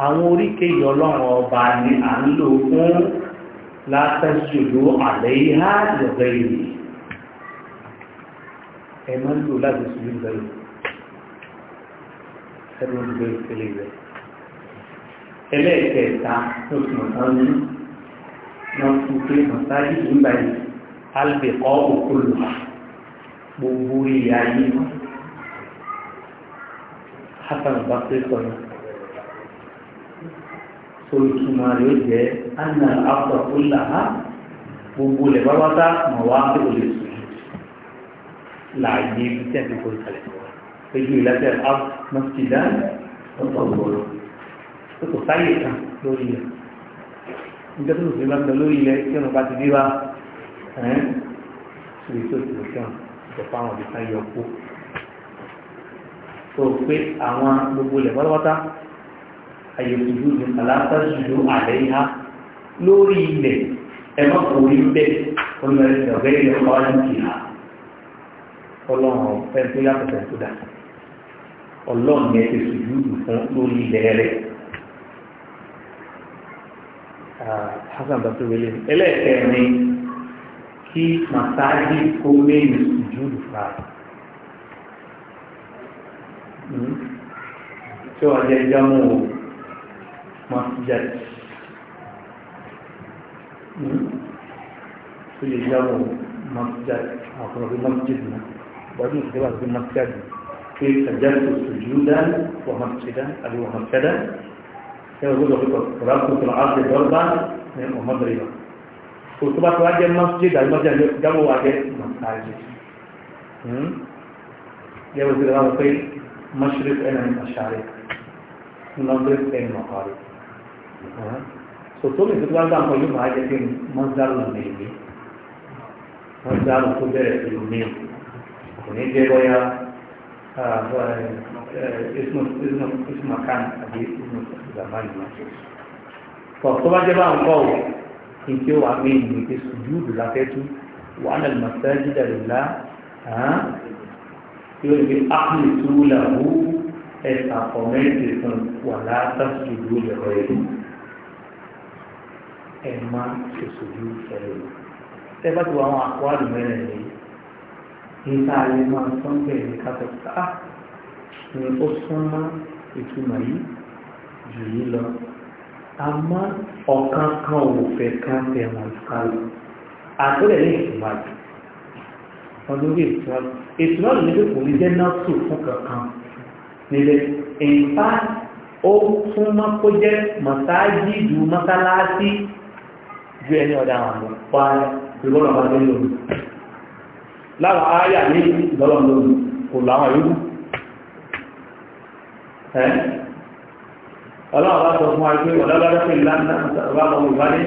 àwọn oríkèé ọlọ́run ọba لا àlẹ́yà عليها ìlú ẹ máa lò láti sùlú ìgbẹ́ ìlú ẹ̀rọ ìgbẹ́ ìpele rẹ̀ ẹlẹ́ẹ̀kẹta tó fi mọ̀ sáwọn ní wọ́n fi pé mọ̀sáájì ìlú báyìí alùpẹ̀kọ́ òkú lù gbogbo ìyá olùtumọ̀ rẹ̀ jẹ́ anna afọ ọ̀la ha gbogbo lẹ̀ bábátá mọ̀ wá pé o lè sùn láàyè ibi tí a ti kórè kalẹ̀ pẹ̀lú ìlàjẹ́ afọ mọ́sídà ọ̀tọ̀ gbọ́dọ̀ o kò sáyè kan lórí rẹ̀ nígbà tó sì máa ń lọ lórí ilẹ̀ tí ọ̀nà bá ti dé wá ẹ̀ẹ́n sùn tó ti lè sàn ìjọba àwọn ọ̀dẹ̀ká yọ kó. tó o pé àwọn gbogbo lẹ̀ bábátá àyẹ̀kùjú ní àlàáfà ṣùgbọ́ àlẹ́yà lórí ilẹ̀ ẹmọ́ kò rí bẹ́ẹ̀ ọmọ ìgbàgbẹ́ ilẹ̀ ọ̀hún kì í ọlọ́run fẹ́ tó yàtọ̀ tó dà ọlọ́run yẹn ti ṣùgbọ́ fún lórí ilẹ̀ rẹ̀ hasan bàtú wẹlé ẹlẹ́ẹ̀kẹ́rin kí màsáájì kó mẹ́rin ṣùgbọ́ fún wa tí hmm? wọ́n jẹ́ jámọ́ pọn jáde tó lè yàwó masjid àkùnrin masjid náà bọ́dún ìṣẹ́wà sí masjid pé sàjẹ́sù sùjúdá wà masjidan àbí wà masjidan ẹ̀rọ gbọ́dọ̀ pípọ̀ kùrákùn tó láti dọ́gba ní ọmọdé lọ kò tó bá tó masjid àbí masjid àbí jábọ̀ wájẹ́ masjid yẹ́wò sí ìdáwọ́ pé mashrik ẹ̀nà àṣàrí lọ́gbẹ̀ẹ́ ẹ̀nà ọ̀kọ̀rẹ́ sòtó mi tuntun wá gbà pọ̀ yóò máa jẹ́ pé mọ́sálù nìyí mọ́sálù tó bẹ̀rẹ̀ ìlú mi kò ní jẹ́ bọ́yá ismakan àbí ismakan tọ̀ tó bá jẹ́ bá ń kọ́ ọ̀ kí n tí ó wà mí ní pé sùjúdù láfẹ́tú wà ní àlùmọ̀sáájì dàlùlá yóò ní ápùlù tó làwú ẹ̀ka kọ̀mẹ́ntì fún wà látàkùn ìlú ìrọ̀ ìlú ẹ̀ máa ṣèṣò ju ẹ̀rọ tẹ́ bá ti wọ àwọn àpò àdùmẹ́rẹ̀ rẹ̀ ní ká lè máa tán bẹ̀rẹ̀ ní káfẹ́ ká ni ó súnmọ́ ìtumọ̀ yìí jù yìí lọ àmọ́ ọ̀kan kan ò fẹ́ ká tẹ̀ wọ́n ká lọ àtúrẹ̀ ní ìtumọ̀ àjò ọlórí ìtumọ̀ ìtumọ̀ àjò ní kò ní jẹ́ náà fún kankan nílẹ̀ ìfá ó súnmọ́ kó jẹ́ mọ̀sáájì ju mọ́sálásí ju ẹni ọ̀dà àwọn pa ìgbọ́nà bá dé lórí láwọn ayà ní ìdọ́lọ̀ lórí kò láwọn yóò ẹ́ ọlọ́wọ́ bá sọ fún àìpé ọ̀dọ́gbọ́dọ́ pé lánàá ìsọ̀rọ̀lọ́wọ́ ìbáde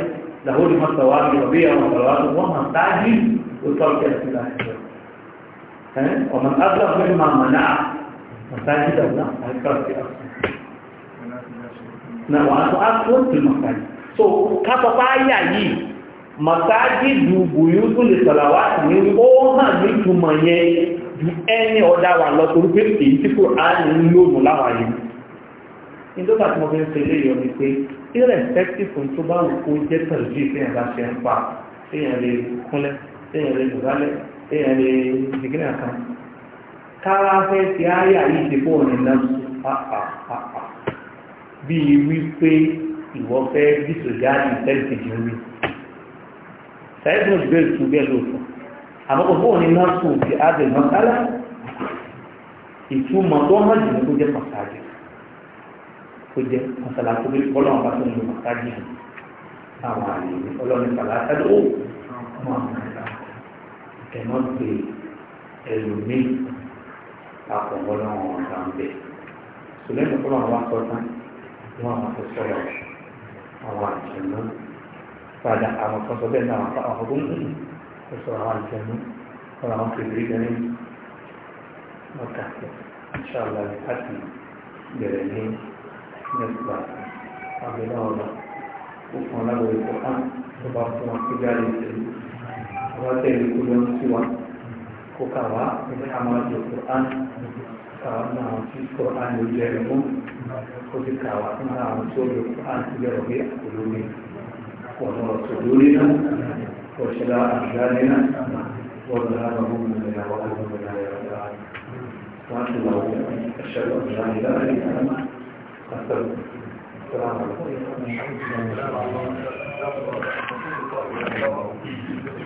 làhóòdì mọ́ sọ̀wá ní ọ̀bí ọmọ sọ̀rọ̀lọ́wọ́ tó wọ́n máa táàdì ó tọ́ kẹ́ sí láìpẹ́ ọmọ ágbà fún ìmọ̀ àmàlà mọ̀táàdì dàgbà àìkọ́ sí ọ̀sán náà wọ́n so kápọ̀pá ayà yìí màsáájì ju bùyúdù lè sọ̀làwà ní ó hàn ní túmọ̀ yẹn ju ẹni ọ̀dá wà lọ torí pé èyí tí kò á ní lóòrùn láwà yìí ní tó bá tí mo fi ń tẹ̀lé yọ ni pé irrespective fún tó bá wù kó jẹ́ pẹ̀lú ìfẹ́yàn bá ṣe ń pa èèyàn lè kúnlẹ̀ èèyàn lè lùbálẹ̀ èèyàn lè dìgínà kan kára fẹ́ ti áyà yìí ti fóònù náà bí wípé ìwọ fẹ́ dísòjáàlì ìtẹ́lifíjì omi sàìdùn ìgbé ìtù bẹ́ẹ̀ lóòótọ́ àmọ́ òfò ní násù ti àbẹ̀ mọ́sálá ìtumọ̀ tó hàn jù ní kó jẹ́ pàtàkì kó jẹ́ mọ́sálá tó bí ọlọ́run bá tó ń lo pàtàkì àwọn àlè ọlọ́run ìpàlà àtàlẹ́ ó mọ́ àwọn àgbà ẹ̀mọ́ pé ẹlòmíì papọ̀ ọlọ́run ọ̀gá ń bẹ̀ sùlẹ́mù kọ́lọ́run wá sọ tán wọ́n á máa tó sọ̀rọ̀ àwọn àjẹmú padà àwọn kan sọ bẹ́ẹ̀ náà àwọn àwọn ọdún nínú ó sọ àwọn àjẹmú wọn àwọn kébìrì ini, wọn kà sí ìṣàlá láti bẹ̀rẹ̀ ní nípa àgbẹ̀dá ọ̀la ó fún aláwọ̀ ẹ̀kọ́ á tó bá fún wọn kó jáde ìṣẹ̀lú àwọn tẹ̀lé ó ti kà wá fún àwọn tí ó lè kó àti lè rọ̀bí àkùlómi ọ̀nà ọ̀tọ̀lórí náà ọ̀ṣẹ̀lá àṣàlẹ̀ náà wọ́n lọ àwọn ọmọ mi náà wọ́n lọ mi náà yọ̀ ọ́ wọ́n ti wà wọ́n ẹ̀ṣẹ̀lá àṣàlẹ̀ náà yọ̀ ọ́ السلام عليكم